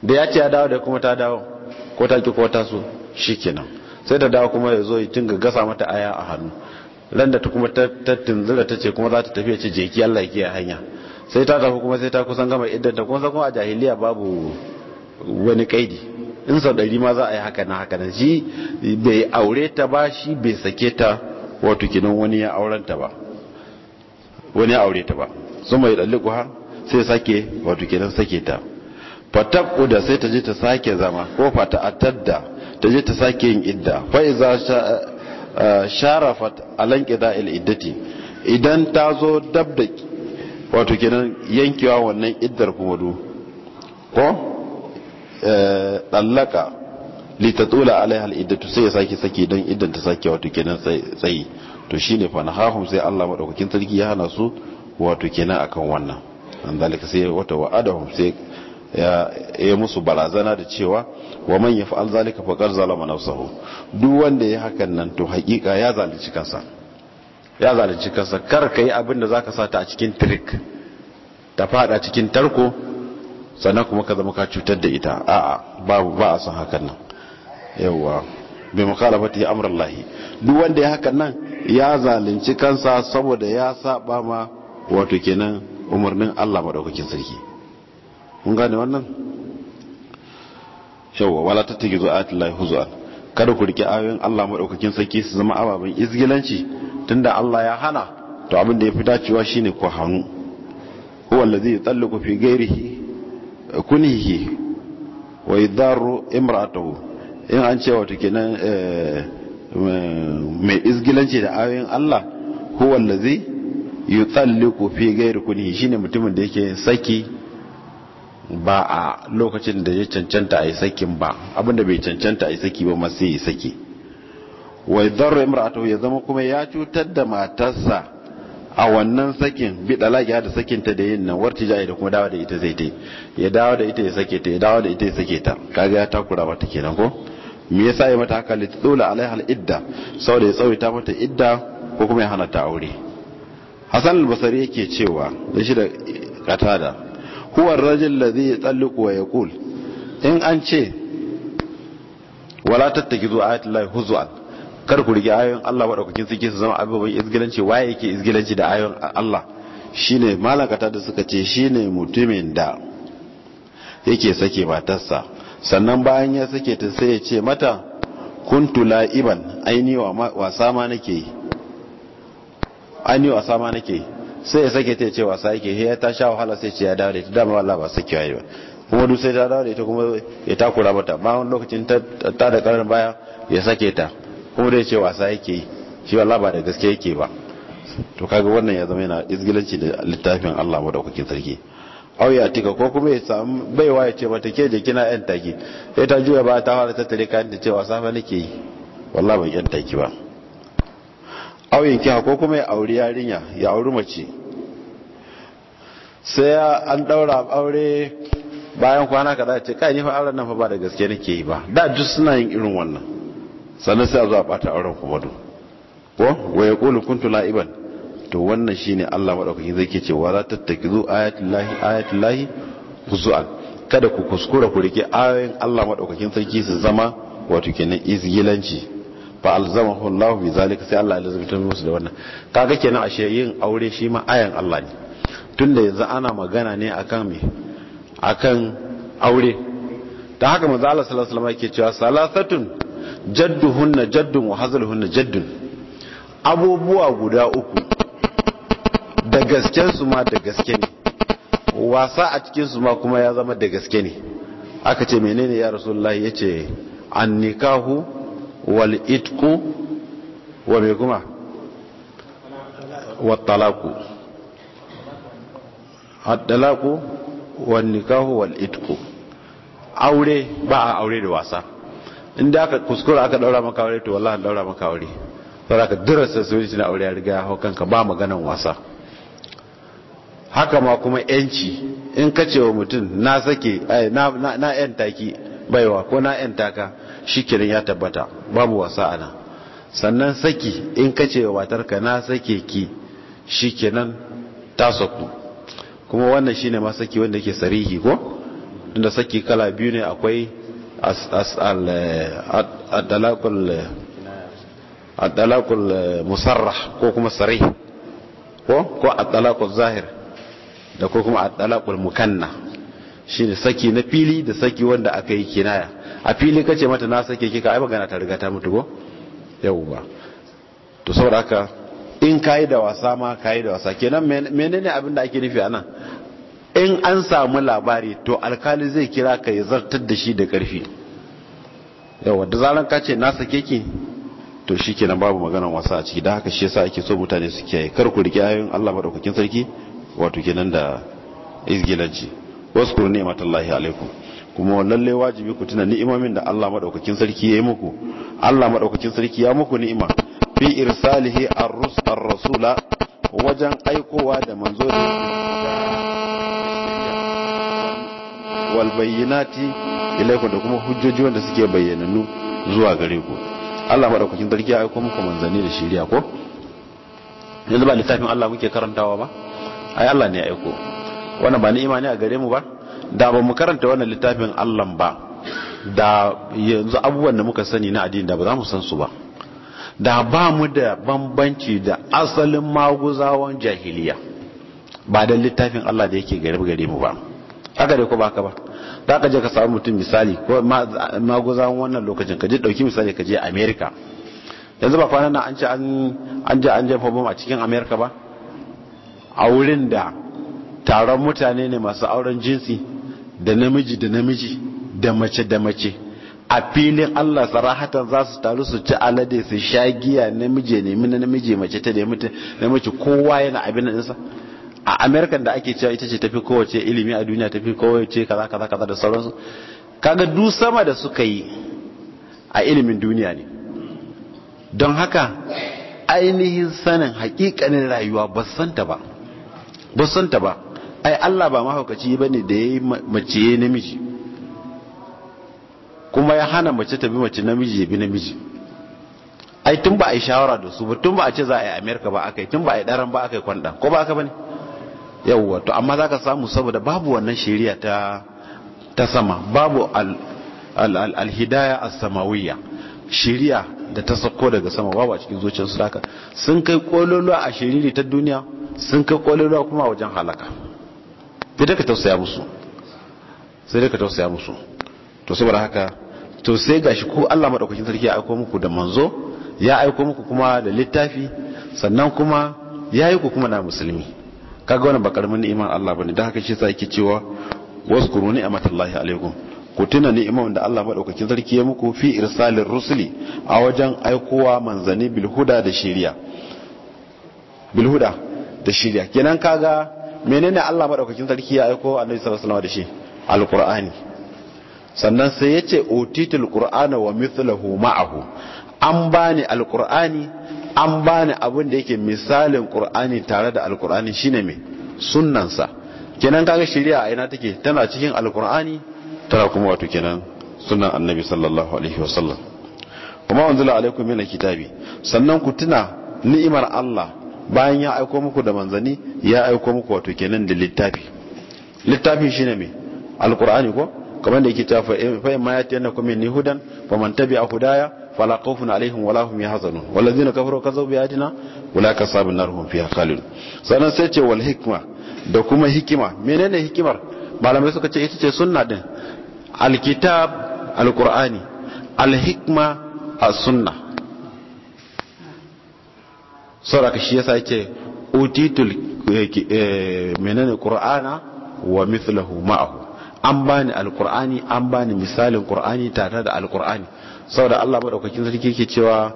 B: da ya ce ya dawo da kuma ta dawo ko ta ki ko ta so kenan sai ta dawo kuma ya zo ya tinga gasa mata aya a hannu ran da ta kuma ta tunzura ta ce kuma za ta tafi ya ce je ki Allah ya hanya sai ta tafi kuma sai ta kusan gama iddanta kuma kuma a jahiliya babu wani kaidi in sau ɗari ma za a yi haka na haka na shi bai aure ta ba shi bai sake ta wato kinan wani ya auren ta ba wani ya aure ta ba sun mai ɗalliku ha sai sake wato kinan sake ta fatabku da sai ta je ta sake zama ko fata atadda ta je ta sake yin idda fa'iza eh, sharafat alankida il iddati idan ta zo dab da wato kinan yankewa wannan iddar kuma du ko dallaka eh, litatula alaiha al'iddatu sai ya sake sake don iddan ta sake wato kenan tsayi to shine fa nahahum sai Allah madaukakin sarki ya hana su wato kenan akan wannan an dalika sai wata wa'adahum sai ya musu barazana da cewa wa man yaf'al zalika faqad zalama nafsahu duk wanda ya hakan nan to hakika ya zalunci kansa ya zalunci kansa kar kai abin da zaka sata a cikin trick ta fada cikin tarko sannan kuma ka zama ka cutar da ita a babu ba a san hakan nan yawa yi amuran lahi? duk wanda ya hakan nan ya zalunci kansa saboda ya saba ma wato kenan umarnin Allah maɗaukakin sarki mun gane wannan yawwa wala tattakizu lahi huzuwa kada ku riƙe ayoyin Allah maɗaukakin sarki su zama ababen izgilanci tunda Allah ya hana to abin da ya fi dacewa shine ku hanu huwa allazi yutalliqu fi ghairihi kunihi wa idaru imratu in an ce wato kenan eh, mai izgilanci da ayoyin Allah ko wallazi yutalliqu fi ghairi kunihi shine mutumin da yake saki ba a lokacin da ya cancanta a yi sakin ba abinda bai cancanta a yi saki ba masu yi saki wai zarra imratu ya zama kuma ya cutar da matarsa a wannan sakin bi dalaki da sakin ta da yin nan warti ja'i da kuma dawo da ita zai ta ya dawo da ita ya sake ta ya dawo da ita ya sake ta kaga ya takura mata kenan ko me yasa ya mata haka litula alaiha idda saboda ya tsawaita mata idda ko kuma ya hana ta aure Hassan al-Basri yake cewa da shi da katada huwa ar-rajul ladhi yatalliqu wa yaqul in an ce wala tattakizu lahi huzwan kar ku rike ayoyin Allah madaukakin suke su zama abubuwan izgilanci waye yake izgilanci da ayoyin Allah shine malakata da suka ce shine mutumin da yake sake matarsa sannan bayan ya sake ta sai ya ce mata kuntu la'iban aini wasa ma nake yi aini wasa ma nake yi sai ya sake ta ce wasa yake ya ta sha wahala sai ce ya dare ta dama Allah ba sake yayi ba kuma duk sai ta dare ta kuma ya takura mata bayan lokacin ta da karar baya ya sake ta kuma da ce wasa yake yi shi wallah ba da gaske yake ba to kaga wannan ya zama yana izgilanci da littafin Allah kuke sarki auya tika ko kuma ya samu baiwa ya ce mata ke je kina yan taki sai ta juya ba ta fara tattare kayan da ce wasa fa nake yi wallah ban yan taki ba auyin kiha ko kuma ya auri yarinya ya auri mace sai an daura aure bayan kwana kaza ce kai ni fa auren nan fa ba da gaske nake yi ba da duk suna yin irin wannan sannan sai a zuwa bata auren kuma do ko wa kulu kuntu la'iban to wannan shine Allah madaukakin zai ke cewa la tattakizu ayatul lahi ayatul lahi huzuan kada ku kuskura ku rike ayoyin Allah madaukakin sarki su zama wato kenan izgilanci fa alzamahu Allah bi zalika sai Allah ya lazimta musu da wannan kaga kenan ashe yin aure shi ma ayan Allah ne tunda yanzu ana magana ne akan me akan aure Ta haka manzo Allah sallallahu alaihi wasallam yake cewa salasatun jadduhunna jaddun wa hunna jaddun abubuwa guda uku da gasken su ma da gaske ne wasa a cikin su ma kuma ya zama da gaske ne aka ce menene ya rasulullahi yace annikahu wal itqu wa me kuma wa talaku talaqu wal nikahu wal itqu aure ba a aure da wasa inda aka kuskura aka daura maka aure to wallahi daura maka aure saboda ka dirasa soyayya na aure ya riga ya hau kanka ba maganan wasa haka ma kuma yanci in ka ce wa mutum na sake na yan taki baiwa ko na yan taka shikenan ya tabbata babu wasa ana sannan saki in ka ce wa matarka na sake ki shikenan ta saku kuma wannan shine ma saki wanda yake sarihi ko tunda saki kala biyu ne akwai addalakul musarrah ko kuma sare ko addalakul zahir da ko kuma addalakul mukanna shi saki na fili da saki wanda aka yi kinaya a fili kace mata na sake kika ai magana ta riga ta mutu go yauwa to saboda haka in kayi da wasa ma kai da wasa kenan menene abin da ake nufi anan in an samu labari to alkali zai kira ka ya zartar da shi da ƙarfi yawa da zaran ka ce na sake ki to shi kenan babu maganan wasa a ciki da haka shi yasa ake so mutane su kiyaye kar ku riƙe ayoyin Allah madaukakin sarki wato kenan da izgilanci Wasu waskuru ni'matallahi alaikum kuma lalle wajibi ku tuna ni'imomin da Allah madaukakin sarki ya yi muku Allah madaukakin sarki ya muku ni'ima fi irsalihi ar ar-rasula wajen aikowa da manzo da wal bayyinati ilaikum da kuma hujjoji wanda suke bayyanannu zuwa gare ku Allah madaukakin sarki ya aika muku manzanni da shiriya ko yanzu ba littafin Allah muke karantawa ba ai Allah ne ya aiko wannan ba ni'ima ne a gare mu ba da ba mu karanta wannan littafin Allah ba da yanzu abubuwan da muka sani na addini da ba za mu san su ba da ba mu da bambanci da asalin maguzawan jahiliya ba da littafin Allah da yake gare mu ba haka dai ko ba ka ba za ka je ka samu mutum misali ko magozan wannan lokacin ka je dauki misali ka je america yanzu ba kwanan nan an ce an je an jefa a cikin america ba a wurin da taron mutane ne masu auren jinsi da namiji da namiji da mace da mace a filin Allah sarahatan za su taru su ci alade su sha giya namiji ne namiji mace ta da namiji kowa yana abin nan a america da ake cewa ita ce tafi kowace ilimi a duniya tafi kowace kaza kaza kaza da sauransu kaga du sama da suka yi a ilimin duniya ne don haka ainihin sanin hakikanin rayuwa ba santa ba ba santa ba ai Allah ba mahaukaci bane da yayi mace namiji kuma ya hana mace ta bi mace namiji ya bi namiji ai tun ba a yi shawara da su ba tun ba a ce za a yi amerika ba aka yi tun ba a yi daren ba aka yi kwanda ko ba aka ne yawwa to amma zaka samu saboda babu wannan shari'a ta ta sama babu al al al hidaya as-samawiyya shari'a da ta sako daga sama babu a cikin zuciyarsu haka sun kai kololuwa a shari'a ta duniya sun kai kololuwa kuma wajen halaka sai dai ka tausaya musu sai dai ka tausaya musu to saboda haka to sai gashi ko Allah madaukakin sarki ya aiko muku da manzo ya aiko muku kuma da littafi sannan kuma ya yi ku kuma na musulmi kaga wannan ba karamin ni'imar Allah bane da haka shi yasa yake cewa waskuru ni'matallahi alaikum ku tuna ni'imar da Allah madaukakin sarki ya muku fi irsalir rusuli a wajen aikowa manzani bilhuda da shiriya bilhuda da shiriya kenan kaga menene Allah madaukakin sarki ya aiko Annabi sallallahu alaihi wasallam da shi alqur'ani sannan sai yace utitul qur'ana wa mithluhu ma'ahu an bani alqur'ani an bani abin da yake misalin qur'ani tare da alqur'ani shine mai sunansa kenan kaga shirya a ina take tana cikin alƙur'ani tana kuma wato kenan sunan annabi sallallahu alaihi wasallam kuma anzala alaikum min kitabi sannan ku tuna ni'imar Allah bayan ya aiko muku da manzani ya aiko muku wato kenan da littafi littafi shine mai alƙur'ani ko kamar da yake ta fa'in ma yati annakum min hudan fa man tabi'a hudaya fala khawfun alaihim wala hum yahzanun wallazina kafaru kazzabu bi ayatina ulaka sabun narhum fiha khalidun sanan sai ce wal hikma da kuma hikima menene hikimar malamai suka ce ita ce sunna din alkitab alqur'ani alhikma as-sunna ka shi yasa yake utitul menene qur'ana wa mithluhu ma'ahu an bani alqur'ani an bani misalin qur'ani tare da alqur'ani saboda Allah madaukakin sarki yake cewa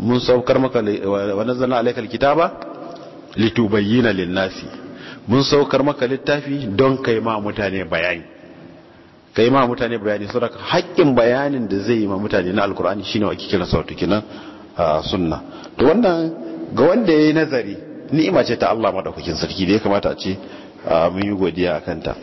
B: mun saukar maka wa nazzalna alaykal kitaba litubayyana lin-nasi mun saukar maka littafi don kai ma mutane bayani kai ma mutane bayani saboda haƙƙin bayanin da zai yi ma mutane na alkur'ani shine wa kike na sautu kinan sunna to wannan ga wanda ya yi nazari ni'ima ce ta Allah madaukakin sarki da ya kamata a ce mun yi godiya a kanta.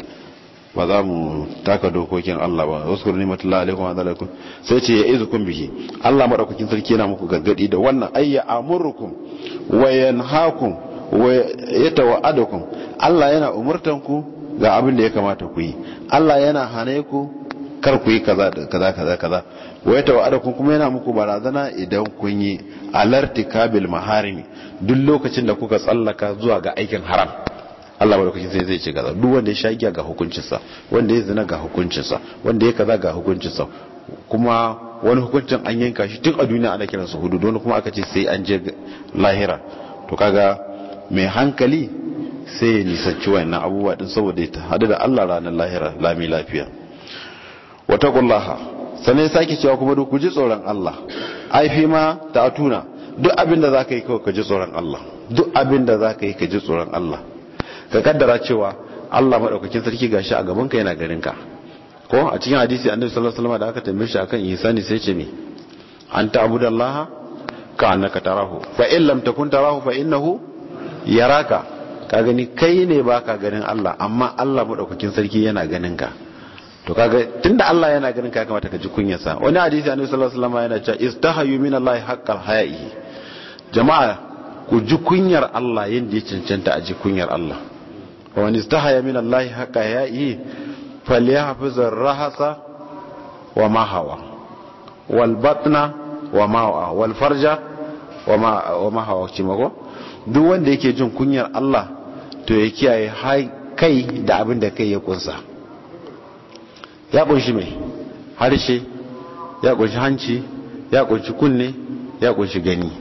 B: ba za mu taka dokokin Allah ba wasu kurni matala alaikum azalakum sai ce ya kun biki Allah maɗaukakin sarki yana muku gaggadi da wannan ayya amurukum wa hakun wa tawa Allah yana umurtan ku ga abin da ya kamata ku yi Allah yana hane ku kar ku yi kaza kaza kaza kaza wa adakun kuma yana muku barazana idan kun yi kabil maharimi duk lokacin da kuka tsallaka zuwa ga aikin haram Allah madaukakin sai zai ci kaza duk wanda ya shagiya ga hukuncinsa wanda ya zina ga hukuncinsa wanda ya kaza ga hukuncinsa kuma wani hukuncin an yanka shi tun a duniya ana su hudu wani kuma aka ce sai an je lahira to kaga mai hankali sai ya nisanci wayannan abubuwa din saboda ya hadu da Allah ranar lahira lami lafiya wata kullaha sane sake cewa kuma duk ji tsoron Allah ai ma ta tuna duk abin da zaka yi kawai ka ji tsoron Allah duk abin da zaka yi ka ji tsoron Allah ka kaddara cewa Allah madaukakin sarki gashi a gaban ka yana garin ka ko a cikin hadisi annabi sallallahu alaihi wasallam da aka tambaye shi akan ihsani sai ce me an ta'budallaha ka annaka tarahu fa in lam takun tarahu fa innahu yaraka ka gani kai ne baka ganin Allah amma Allah madaukakin sarki yana ganin ka to kaga tunda Allah yana ganin ka kamata ka ji kunyarsa wani hadisi annabi sallallahu alaihi wasallam yana cewa istahayu min Allah haqqal haya'i jama'a ku ji kunyar Allah yadda ya cancanta a ji kunyar Allah wa wani istahaya min Allah haka ya yi falyahfizur rahasa wa ma hawa wal batna wa ma wal farja wa ma hawa duk wanda yake jin kunyar Allah to ya kiyaye kai da abin da kai ya kunsa ya kunshi mai harshe ya kunshi hanci ya kunshi kunne ya kunshi gani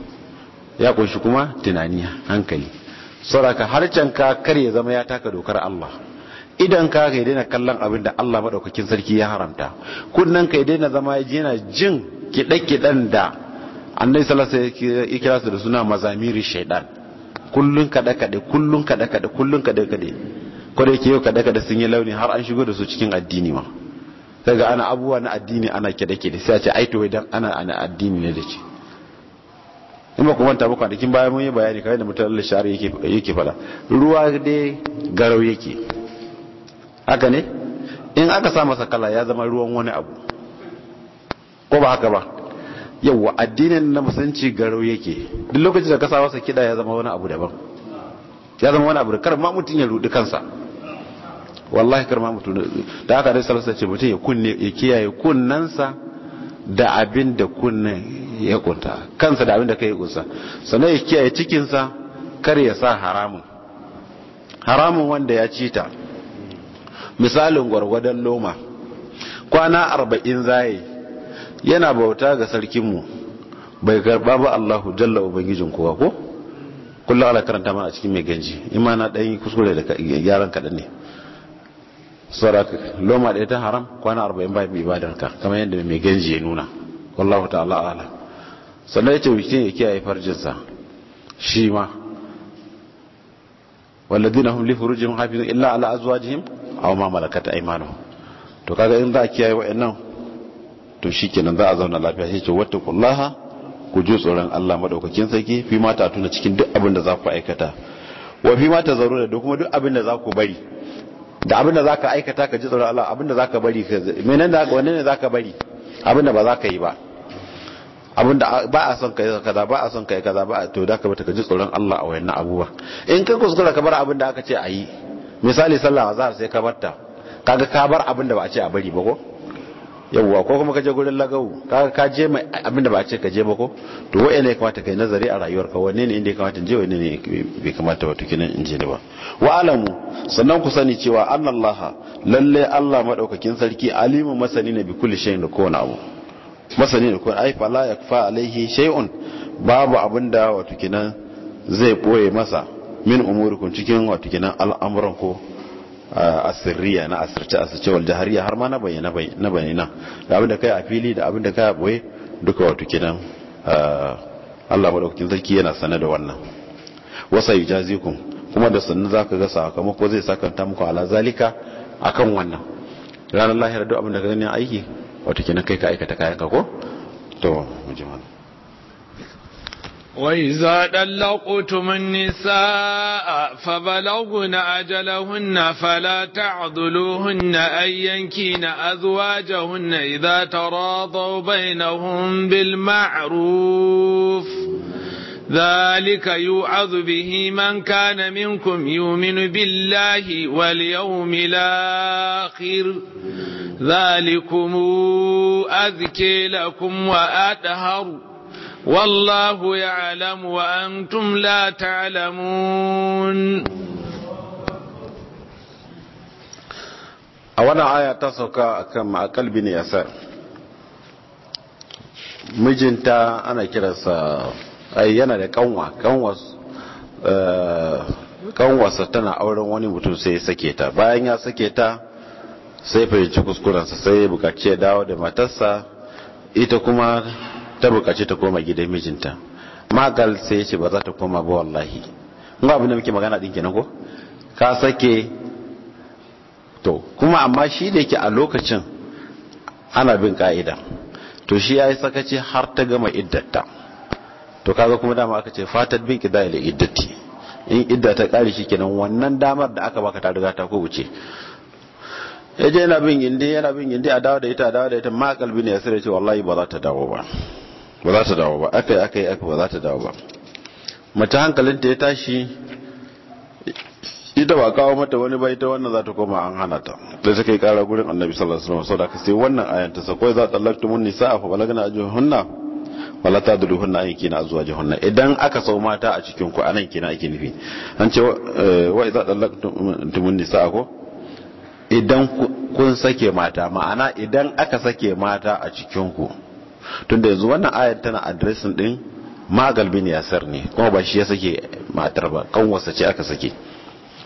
B: ya kunshi kuma tunani hankali har harcen ka kar ya zama ya taka dokar Allah idan ka ka daina kallon abin da Allah maɗaukakin sarki ya haramta kunnan ka daina zama yana jin kiɗe-kiɗen da annai salasa ya kira su da suna mazamiri shaidan kullun kaɗe-kaɗe kullun kaɗe-kaɗe kullun kaɗe-kaɗe kwada yake yau kaɗe-kaɗe sun yi launi har an shigo da su cikin addini ma daga ana abubuwa na addini ana kiɗe-kiɗe sai a ce aito idan ana ana addini ne da ce in ba ku manta ba kwanakin baya mun yi bayani kai da mutum al-shari yake yake fada ruwa dai garau yake haka ne in aka sa masa kala ya zama ruwan wani abu ko ba haka ba yawa addinin na musulunci garau yake duk lokacin da ka sa masa kida ya zama wani abu daban ya zama wani abu da kar ma mutum ya rudi kansa wallahi kar ma mutum da haka dai sallallahu ce mutum ya kunne ya kiyaye kunnansa da abin da kunne ya kunta kansa da abin da kai ya kunsa sannan ya kiyaye cikinsa kar ya sa haramun haramun wanda ya ci ta misalin gwargwadon loma kwana arba'in zaye yana bauta ga sarkinmu bai karba ba Allahu jalla ubangijin kowa ko kullum ala karanta mana a cikin mai ganji imana ɗan kuskure da yaran kaɗan ne sauraka loma ɗaya ta haram kwana arba'in ba mai ibadarka kamar yadda mai ganji ya nuna wallahu ta'ala ala sannan ya ce mutum ya kiyaye farjinsa shi ma walladina hum li furujihim hafiz illa ala azwajihim aw ma malakat aymanuhum to kaga in za a kiyaye wa'annan to shikenan za a zauna lafiya shi ce kullaha ku ji tsoron Allah madaukakin sarki fi mata tuna cikin duk abin da za ku aikata wa fi mata zaruna da kuma duk abin da za ku bari da abinda zaka aikata ka ji tsoron Allah abinda zaka bari ka menene da wanne ne zaka bari abinda ba zaka yi ba abinda ba a son kai kaza ba a son kai kaza ba to da ka bata ka ji tsoron Allah a wayannan abubuwa in ka kuskura ka bar abinda aka ce a yi misali sallah za sai ka barta kaga ka bar abinda ba a ce a bari ba ko yawwa ko kuma kaje gurin lagawu ka je mai abinda ba a ce ka je ba ko to wa'e ne ya kamata kai nazari a rayuwar ka wanne ne inda ya kamata in je wanne ne bai kamata wato kinan in je ne ba wa alamu sannan ku sani cewa annallaha lalle Allah madaukakin sarki alimu masani ne bi kulli shay'in da kowane abu masani ne ko ai fa la yakfa alaihi shay'un babu abinda wato kinan zai boye masa min umurikum cikin wato kinan al'amuran ko sirriya na asirce asirce wal jahariya har ma na bayyana na bayyana da abin da kai a fili da abin da kai a boye duka wato kenan Allah madaukakin sarki yana sanar da wannan wasa yujazikum kuma da sannu zaka ga sakamako zai ta muku ala zalika akan wannan ranar lahira duk abin da ka gani aiki wato kenan kai ka aikata kayan ka ko to
A: mu وإذا طلقتم النساء فبلغن أجلهن فلا تعذلوهن أن ينكين أزواجهن إذا تراضوا بينهم بالمعروف ذلك يوعظ به من كان منكم يؤمن بالله واليوم الآخر ذلكم أذكي لكم وأطهر والله يعلم وأنتم لا تعلمون أولا
B: آية تسوكا كما قلب يسار mijinta ana kiransa yana da kanwa kanwarsa eh, tana auren wani mutum sai ya sake ta bayan ya sake ta sai fahimci kuskurensa sai ya bukaci ya dawo da matarsa ita kuma ta bukaci ta koma gidan mijinta magal sai ce ba za ta koma ba wallahi mu abin da muke magana din kenan ko ka sake to kuma amma shi da yake a lokacin ana bin ka'ida to shi yayi sakaci har ta gama iddatta to kaga kuma dama aka ce fatat bin ki dai iddati in idda ta kare kenan wannan damar da aka baka ta riga ta ko wuce yaje yana bin inda yana bin inda a dawo da ita a dawo da ita ma kalbi ne ya sirri ce wallahi ba za ta dawo ba ba za ta dawo ba aka yi aka yi aka ba za ta dawo ba mace hankalinta ya tashi ita ba kawo mata wani ba ita wannan za ta koma an hana ta da suka yi kara gurin annabi sallallahu alaihi wasallam saboda sai wannan ayan ta sako za ta lakta mun nisa fa balagna ajuhunna wala ta tadruhunna ay kina azwa jahunna idan aka sau mata a cikin ku anan kina ake nufi an ce wa idza talaqtum nisa ko idan kun sake mata ma'ana idan aka sake mata a cikin ku tunda yanzu wannan ayar tana adresin din magal bin yasar ne kuma ba shi ya sake matar ba wasa ce aka sake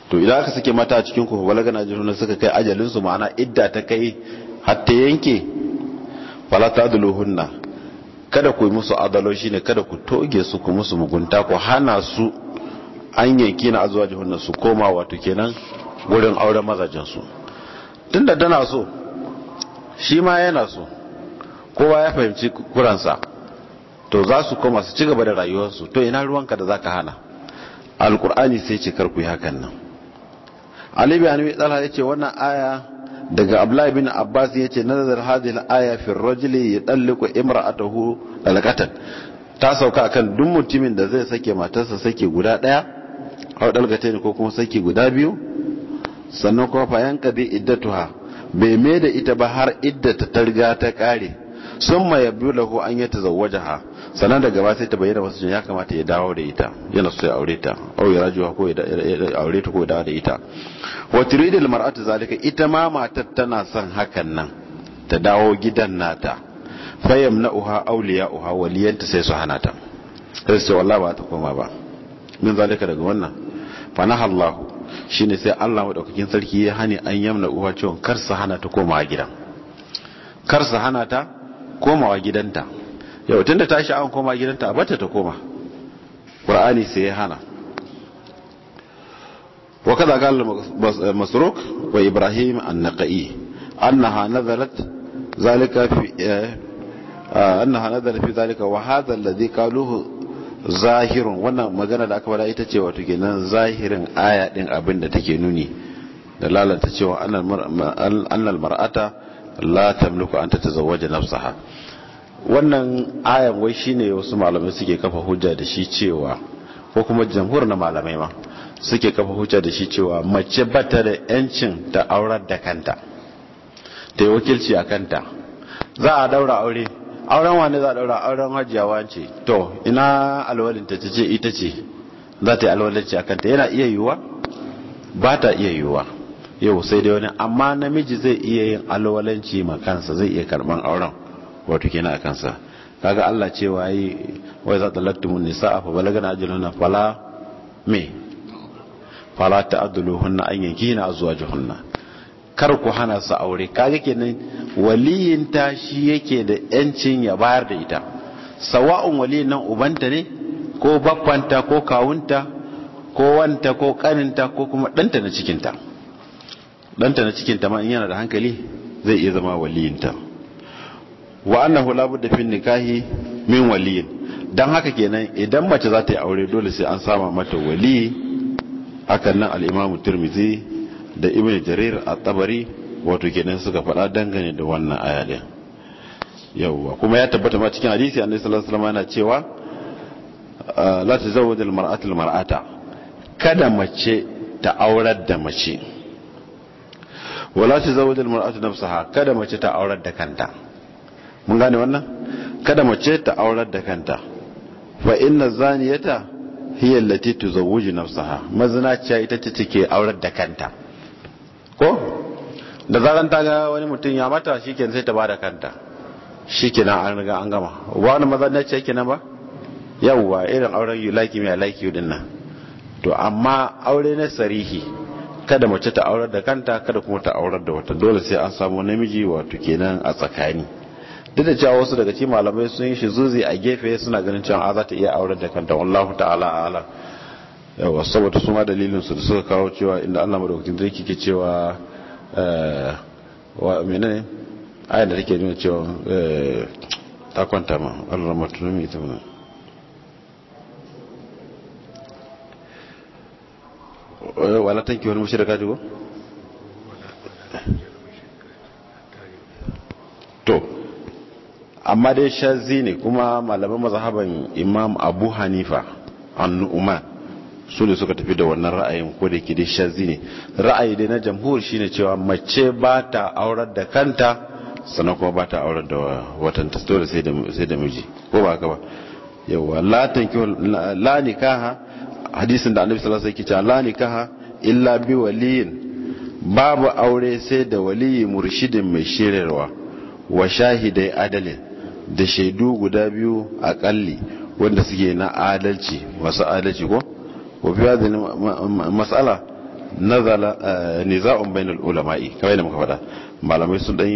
B: to idan aka sake mata a cikin ku balaga na jiruna suka kai ajalinsu su ma'ana idda ta kai hatta yanke falata tadluhunna kada ku yi musu adalo shine kada ku toge su ku musu mugunta ku hana su an yanki na jihunna su koma wato kenan gurin auren mazajen su tunda tana so shi ma yana so kowa ya fahimci kuransa to za su koma su ci gaba da rayuwarsu to ina ruwan ka da za ka hana alkur'ani sai ce karku yi hakan nan ali bin hanbi ya ce wannan aya daga abdullahi bin abbas ya yace nazar hadhihi al-aya fi ar imra a tahu dalqatan ta sauka akan duk mutumin da zai sake matarsa sake guda ɗaya a dalqatayn ko kuma sake guda biyu sannan kuma fayan bai iddatuwa, bai mai da ita ba har iddata ta riga ta ƙare? sun ma biyu lahu an ya ha sannan daga ba sai ta bayyana wasu ya kamata ya dawo da ita yana so ya aure ta au ya rajuwa ko ya aure ta ko ya dawo da ita wa turidul mar'atu zalika ita ma matar tana son hakan nan ta dawo gidan nata fayam na uha auliya uha waliyanta sai su hana ta sai su wallahi ba ta koma ba min zalika daga wannan fa nahallahu shine sai Allah madaukakin sarki ya hani an yamna uwa cewa kar su hana ta koma gidan kar su hana ta komawa gidanta yau da ta an koma gidanta a bata ta koma qur'ani sai ya hana wa kada qala masruk wa ibrahim an-naqi annaha nazalat zalika fi eh, ah, annaha fi zalika wa hadha alladhi qaluhu zahirun wannan magana da aka bada ita ce wato kenan zahirin aya din abin da take nuni da lalata cewa annal mar'ata la tamliku an tatazawwaja nafsaha wannan ayan wai shine wasu malamai suke kafa hujja da shi cewa ko kuma jamhur na malamai ma suke kafa hujja da shi cewa mace bata da yancin ta aurar da kanta ta yi wakilci a kanta za a daura aure auren wani za a daura auren hajiya wance to ina alwalin ta ce ita ce za ta yi alwalanci a kanta yana iya yiwuwa ba ta iya yiwuwa yau sai da wani amma namiji zai iya yin alwalanci ma kansa zai iya karban auren wato kina a kansa kaga Allah cewa yi wai za ta mun nisa fa balagana ajaluna fala me fala ta'duluhunna an yankina azwajuhunna kar ku hana su aure kaga kenan waliyin ta shi yake da yancin ya bayar da ita sawa'un waliyin nan ubanta ne ko babbanta ko kawunta ko wanta ko kaninta ko kuma danta na cikinta Danta na cikin ma in yana da hankali zai iya zama waliyinta wa annahu la budda fi nikahi min waliyin dan haka kenan idan mace za ta yi aure dole sai an sama mata wali hakan nan al-imamu tirmidhi da ibn jarir at-tabari wato kenan suka faɗa dangane da wannan aya din kuma ya tabbata ma cikin hadisi annabi sallallahu alaihi wasallam yana cewa la tazawwaj al-mar'atu al-mar'ata kada mace ta aurar da mace wala tuzawwiju almar'atu nafsaha kada mace ta aurar da kanta mun gane wannan kada mace ta aurar da kanta fa inna zaniyata hiya allati tuzawwiju nafsaha mazinaciya ita ce take aurar da kanta ko da zaran ta ga wani mutum ya mata shikenan sai ta bada kanta shikenan an riga an gama wani mazinaciya kenan ba yawwa irin auren you like me i like you din to amma aure na sarihi kada mace ta aurar da kanta kada kuma ta aurar da wata dole sai an samu namiji wato kenan a tsakani duk da cewa wasu daga cikin malamai sun yi shi zuzi a gefe suna ganin cewa a za ta iya aurar da kanta wallahu ta'ala a'lam yawa saboda su ma dalilin su da suka kawo cewa inda Allah madaukakin zai kike cewa eh, wa menene ayar da take nuna cewa eh, ta kwanta ma Allah mutunumi ta mana wala tanki wal mushrikati ko to amma dai shazi ne kuma malaman mazhaban imam abu hanifa annu'man su ne suka tafi da wannan ra'ayin ko da yake dai shazi ne ra'ayi dai na jamhur shine cewa mace ba ta aurar da kanta sannan kuma ba ta aurar da watan ta dole sai da miji ko ba ka ba yawa la tanki la nikaha hadisin da annabi sallallahu alaihi wasallam yake cewa la nikaha illa bi waliyin babu aure sai da waliyi murshidin mai shirarwa wa shahidai adalin da shaidu guda biyu a kalli wanda suke na adalci masu adalci ko wa biya da mas'ala nazala eh, niza'un bainal ulama'i kawai da muka fada malamai sun dan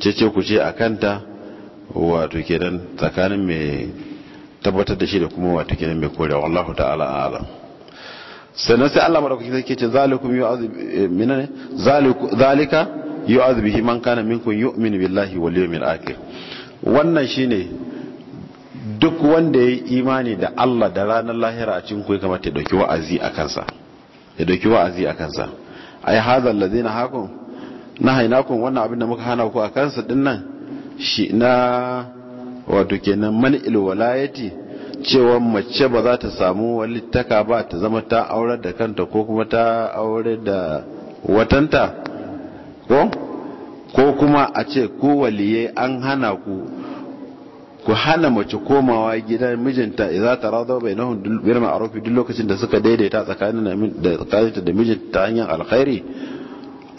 B: cece ku ce akanta wato kenan tsakanin mai tabbatar da shi da kuma wato kenan mai korewa Allahu ta'ala a'lam sannan sai Allah madaukakin sarki ce zalikum yi eh, minane zalika yu'azib bihi man kana minkum yu'minu billahi wal yawmil akhir wannan shine duk wanda ya yi imani da Allah da ranar lahira a cikin ku kamar ta dauki wa'azi a kansa ya dauki wa'azi a kansa ai hadha alladhina hakum nahainakum wannan abin da muka hana ku a kansa dinnan shi na wato kenan man'il walayati cewa mace ba za ta samu walittaka ba ta zama ta aurar da kanta ko kuma ta aure da watanta ko ko kuma a ce ko waliye an hana ku ku hana mace komawa gidan mijinta idza taradaw bainahum bil ma'ruf duk lokacin da suka daidaita tsakanin da tsakaninta da mijinta hanyar alkhairi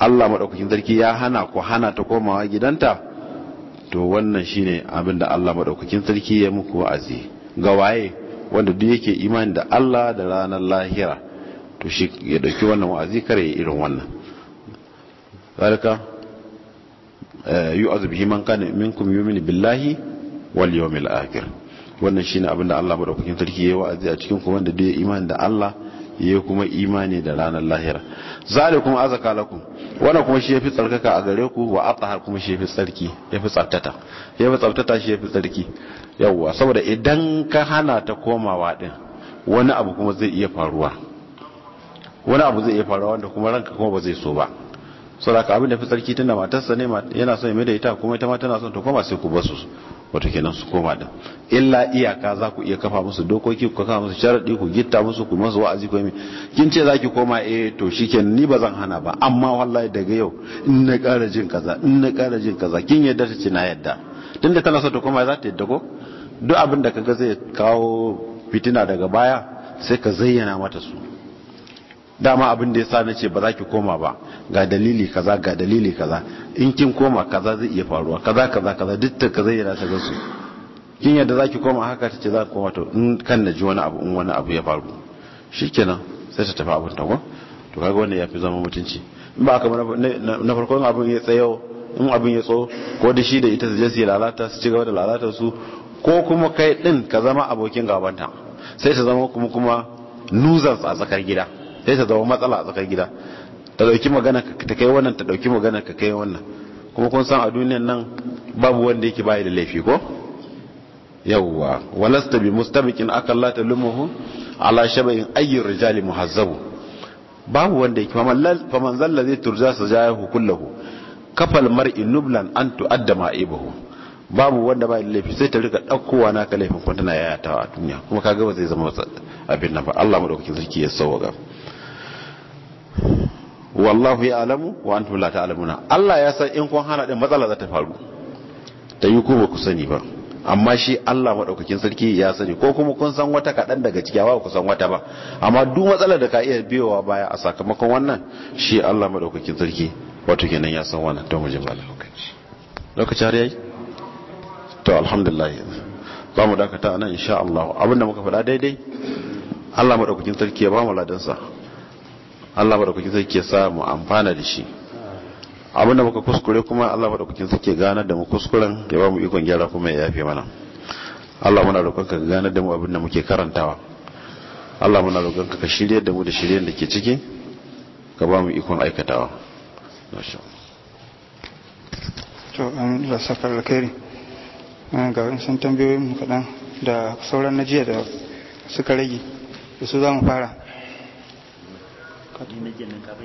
B: Allah madaukakin sarki ya hana ku hana ta komawa gidanta to wannan shine abin da Allah maɗaukakin sarki ya muku wa'azi ga waye wanda duk yake imani da Allah da ranar lahira to shi ya ɗauki wannan wa'azi kare ya irin wannan zalika eh, yu'azu bihi man kana minkum yu'minu billahi wal yawmil akhir wannan shine abin da Allah maɗaukakin sarki ya wa'azi a cikin ku wanda duk ya imani da Allah ya kuma imani da ranar lahira kuma azaka lakum wannan kuma shi yafi tsarkaka a gare ku wa atahar kuma shi yafi tsarki yafi tsaftata yafi tsaftata shi yafi tsarki yawwa saboda idan ka hana ta komawa din wani abu kuma zai iya faruwa wani abu zai iya faruwa wanda kuma ranka kuma ba zai so ba saboda abin da fi tsarki tunda matarsa ne yana son ya mai da ita kuma ita ma tana son ta koma sai ku basu wato kenan su koma din illa iyaka za ku iya kafa musu dokoki ku kafa musu sharadi ku gitta musu ku masu wa'azi ku yi kin ce zaki koma eh to shikenan ni bazan hana ba amma wallahi daga yau in na ƙara jin kaza in na ƙara jin kaza kin yadda ta ci na yadda tunda tana so ta koma za ta yadda ko duk abin da kaga zai kawo fitina daga baya sai ka zayyana mata su dama abin da ya sa na ce ba za ki koma ba ga dalili kaza ga dalili kaza in kin koma kaza zai iya faruwa kaza kaza kaza duk ta kaza yana ta gasu kin yadda za ki koma haka ta ce za ki koma to in kan na ji wani abu in wani abu ya faru shikenan sai ta tafi abin ta ko to kaga wannan yafi zama mutunci in ba kamar na farkon abin ya tsayo in abin ya tso ko da shi da ita su je su lalata su ci gaba da lalata su ko kuma kai din ka zama abokin gabanta sai ta zama kuma kuma losers a tsakar gida sai ta zama matsala a tsakar gida ta dauki magana ta kai wannan ta dauki magana ka kai wannan kuma kun san a duniyan nan babu wanda yake bayi da laifi ko yawwa walasta bi mustabiqin akalla talumuhu ala shabain ayyur rijal muhazzabu babu wanda yake faman zalla zai turza sa jayahu kullahu kafal mar'i nublan an tu'adda ma'ibahu babu wanda bai da laifi sai ta rika dakkowa na ka laifin kuma tana yayatawa a duniya kuma kaga ba zai zama abin nan ba Allah madaukakin sarki ya sauka wallahu ya alamu wa antum la ta'lamuna Allah ya san in kun hana din matsala za ta faru ta yi ko ba ku sani ba amma shi Allah madaukakin sarki ya sani ko kuma kun san wata kaɗan daga ciki ba ku san wata ba amma duk matsala da ka iya biyowa baya a sakamakon wannan shi Allah madaukakin sarki wato kenan ya san wannan don wajen bala lokaci lokaci har yayi to alhamdulillah Ba mu dakata nan insha Allah abinda muka faɗa daidai Allah madaukakin sarki ya ba mu ladansa Allah madaukakin zai ke sa mu amfana da shi abin da muka kuskure kuma Allah madaukakin ke ganar da mu kuskuren ya ba mu ikon gyara kuma ya yafe mana Allah muna roƙonka ka ganar da mu abin da muke karantawa Allah muna roƙonka ka shirye da mu da shiryen da ke ciki ka ba mu ikon aikatawa
C: to an saka alkhairi ga sun tambayoyin mu kaɗan da sauran na jiya da suka rage da su za mu fara የመጀመን ቃ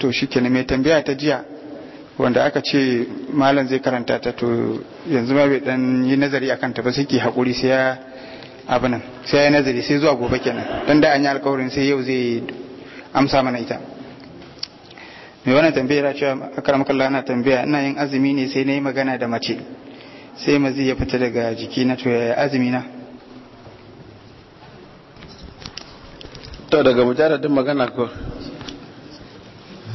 C: to shi ke mai tambaya ta jiya wanda aka ce malam zai karanta ta to yanzu ma bai dan yi nazari akan ta ba sai ki hakuri sai ya abu nan sai ya nazari sai zuwa gobe kenan dan da an yi alƙawarin sai yau zai amsa mana ita mai wannan tambayar cewa akaram kallah ana tambaya ina yin azumi ne sai na yi magana da mace sai mazi ya fita daga jiki na to yaya
B: azumi na to daga mujaradin magana ko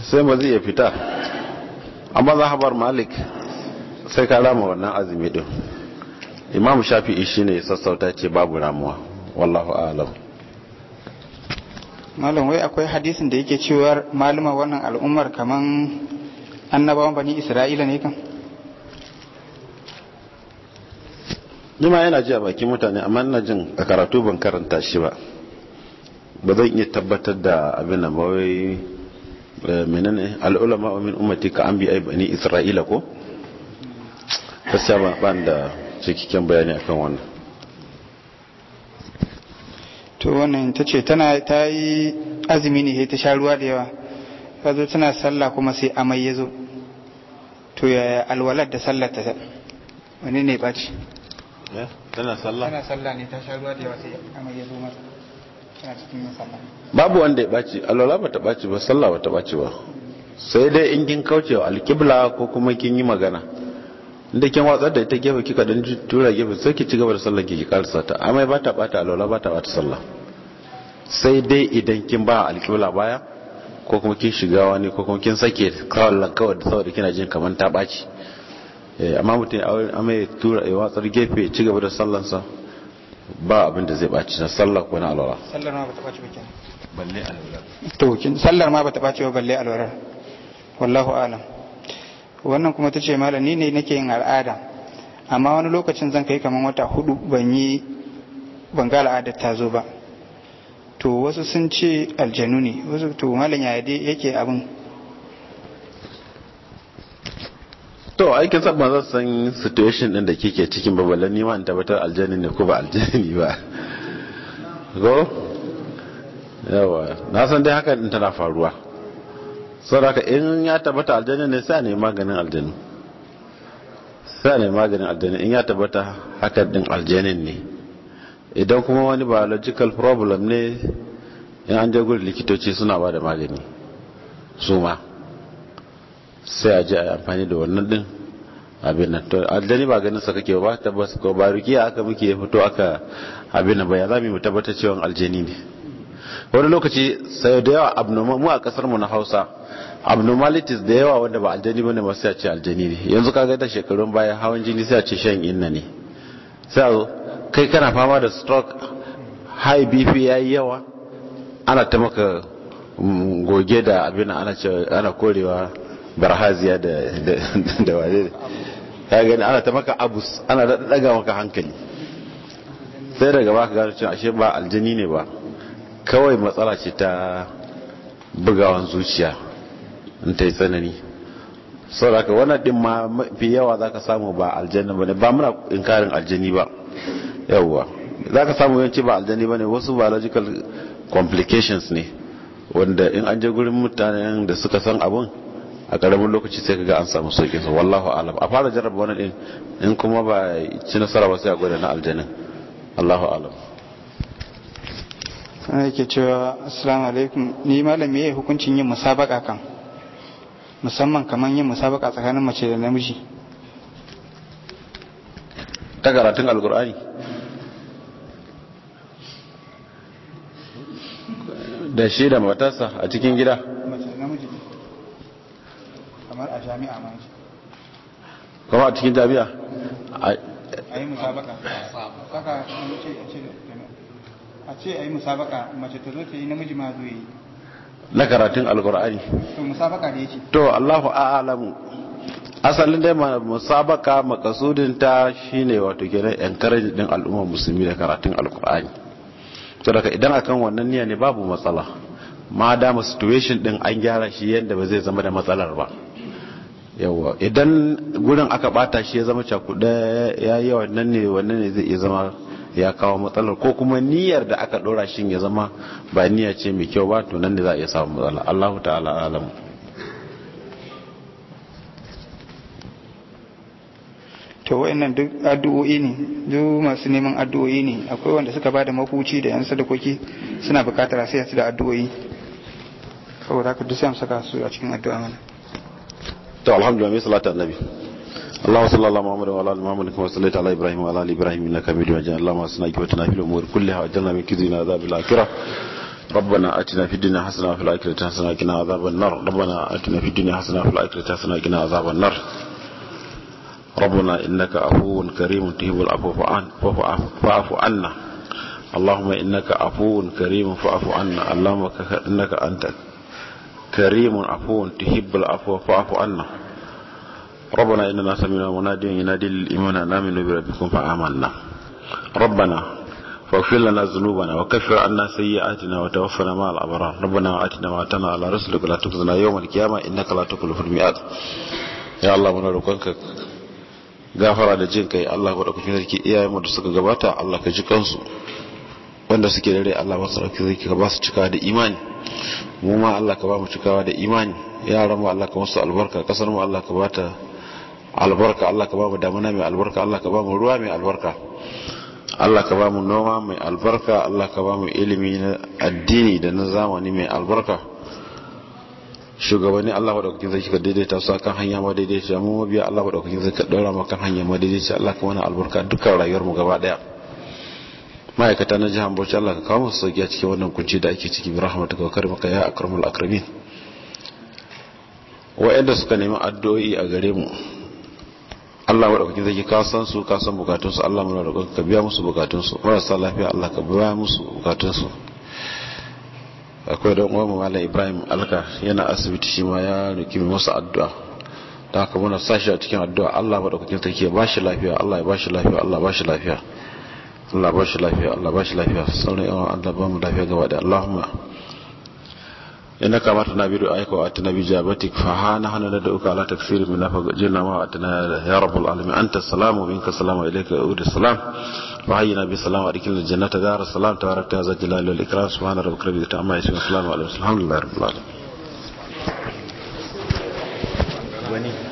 B: sai mazi ya fita amma zahabar malik sai ka rama wannan azumi din imam shafi'i shine sassauta ce babu ramuwa wallahu a'lam malam
C: wai akwai hadisin da yake cewa maluma wannan al'ummar kaman annabawan bani isra'ila ne kan
B: nima yana ji a bakin mutane amma ina jin a karatu ban karanta shi ba ba zan iya tabbatar da abin da Eh, menene al'ulama min ummati ka biya bani isra'ila ko fasya ba ban da cikakken bayani akan wannan
C: to wannan ta ce tana ta yi azumi ne ta sha ruwa da yawa ta zo tana sallah kuma sai amai ya zo to yaya alwalar da sallar ta wani ne ɓaci
B: eh, tana
C: sallah tana sallah ne ta sha ruwa da yawa sai amai ya zo mata
B: babu wanda ya ɓaci alwala ba ta ɓaci ba sallah ba ta ɓaci ba sai dai in kin kauce wa alƙibla ko kuma kin yi magana inda kin watsar da ita gefe kika dan tura gefe sai ki ci gaba da sallar ki karsa ta amai ba ta ɓata alwala ba ta ɓata sallah sai dai idan kin ba alƙibla baya ko kuma kin shiga wani ko kuma kin sake kawallan kawai da saboda kina jin kamar ta ɓaci eh, amma mutum amai tura ya watsar gefe ci gaba da sallansa ba abin da zai baci san sallar ko na alwara
C: sallar ma bata ɓaci ba kenan
B: balle alwara
C: to sallar ma bata ɓaci ba balle alwara wallahu alam wannan kuma tace malam ni ne nake yin al'ada amma wani lokacin zan kai kaman wata hudu ban yi ban ga al'adar ta zo ba to wasu sun ce aljanu ne wasu to malam ya dai yake abin
B: to ai kin san ba zan san situation din da kike cikin ba balle ni ma in tabbatar aljani ne ko ba aljani ba go yawa na san dai haka din tana faruwa saboda in ya tabbata aljani ne sai ne maganin aljani sai ne maganin aljani in ya tabbata haka din aljanin ne idan kuma wani biological problem ne in an je gurin likitoci suna ba da magani su ma sai a ji a amfani da wannan din abin nan to aljani ba ganin sa kake ba tabbas ko ba rukiya aka muke fito aka abin nan ba ya zamu mu tabbatar cewa aljani ne wani lokaci sai da yawa abnormal mu a kasar mu na Hausa abnormalities da yawa wanda ba aljani bane ba sai a ce aljani ne yanzu kaga da shekarun baya hawan jini sai a ce shan inna ne sai kai kana fama da stroke high bp yayi yawa ana ta maka mm, goge da abin ana ana korewa barhaziya da da wane ka gani ana ta maka abus ana daga maka hankali sai daga baka gano cewa ashe ba aljini ne ba kawai matsala ce ta bugawan zuciya in ta yi tsanani ka wani ɗin ma fi yawa za ka samu ba aljanna ba ne ba muna inkarin aljani ba yawwa za ka samu yanci ba aljani ba ne wasu biological complications ne wanda in an je gurin mutanen da suka san abun a karamin lokaci sai kaga an samu sauƙin sa wallahu alam a fara jarraba wani din in kuma ba ci nasara ba sai a gwada na aljanin Allahu alam
C: sai yake cewa assalamu alaikum ni malam me hukuncin yin musabaka kan musamman kaman yin musabaka tsakanin
B: mace da namiji ta karatun alkur'ani da shi da matasa a cikin gida
C: jami'a ma shi
B: kuma a cikin jami'a a yi musabaka saka
C: a ce a yi musabaka mace ta zo ta yi namiji ma zo yi
B: na karatun alkur'ani
C: to musabaka ne ce
B: to Allahu a'lamu asalin dai musabaka makasudin ta shine wato kenan encourage din al'umma musulmi da karatun alkur'ani to daga idan akan wannan niyya ne babu matsala ma dama situation din an gyara shi yadda ba zai zama da matsalar ba yawa idan gurin aka bata shi ya zama cakuɗa ya yi wannan ne wannan ne zai iya zama ya kawo matsalar ko kuma niyyar da aka ɗora shi ya zama ba niyya ce mai kyau ba to nan da za a iya samun matsala allahu ta'ala alamu
C: to wayannan duk addu'o'i ne duk masu neman addu'o'i ne akwai wanda suka ba da makuci da yan sadakoki suna bukatar sai su da addu'o'i saboda haka duk saka su a cikin addu'a
B: to alhamdulillah mi salatu annabi allahu salla allah muhammadin wa alali muhammadin kama sallaita ala ibrahim wa alali ibrahim innaka hamidu majid allahumma sana كريم عفو تحب العفو فاعف عنا ربنا إننا سمعنا مناديا ينادي للإيمان أن آمنوا بربكم فآمنا ربنا فاغفر لنا ذنوبنا وكفر عنا سيئاتنا وتوفنا مع الأبرار ربنا وآتنا ما آتنا على رسلك لا تخزنا يوم القيامة إنك لا تخلف الميعاد يا الله من روقك غفر da jin kai Allah ku dauki sarki iyayen mu da suka gabata wanda suke da rai Allah masarauki zai ka ba su cikawa da imani mu ma Allah ka ba mu cikawa da imani yaran mu Allah ka musu albarka kasar mu Allah ka ba ta albarka Allah ka ba mu damana mai albarka Allah ka ba mu ruwa mai albarka Allah ka ba mu noma mai albarka Allah ka ba mu ilimi na addini da na zamani mai albarka shugabanni Allah madaukakin zai ka daidaita su kan hanya ma daidaita mu mabiya Allah madaukakin zai ka daura mu kan hanya ma daidaita Allah ka mana albarka dukkan rayuwar mu gaba daya ma'aikata na jihar Bauchi Allah ka kawo masu sauki a cikin wannan kunci da ake ciki bi daga wa maka ya akramul akramin wa'anda suka nemi addu'o'i a gare mu Allah madaukakin zaki ka san su kasan bukatun su Allah muna roƙon ka biya musu bukatun su marasa lafiya Allah ka biya musu bukatun su akwai don uwa malam Ibrahim Alka yana asibiti shi ma ya roki mu masa addu'a da haka muna sashi a cikin addu'a Allah madaukakin zaki ya bashi lafiya Allah ya bashi lafiya Allah ya bashi lafiya Allah ba shi lafiya Allah ba shi lafiya sauran yawan Allah ba mu lafiya Allahumma inna kamata na bidu aiko at nabi jabatik fa hana hana da uka ala taksiri min lafa jinna ma at na ya rabbul alamin salamu salamu salam wa salam wal amma salamu
A: alamin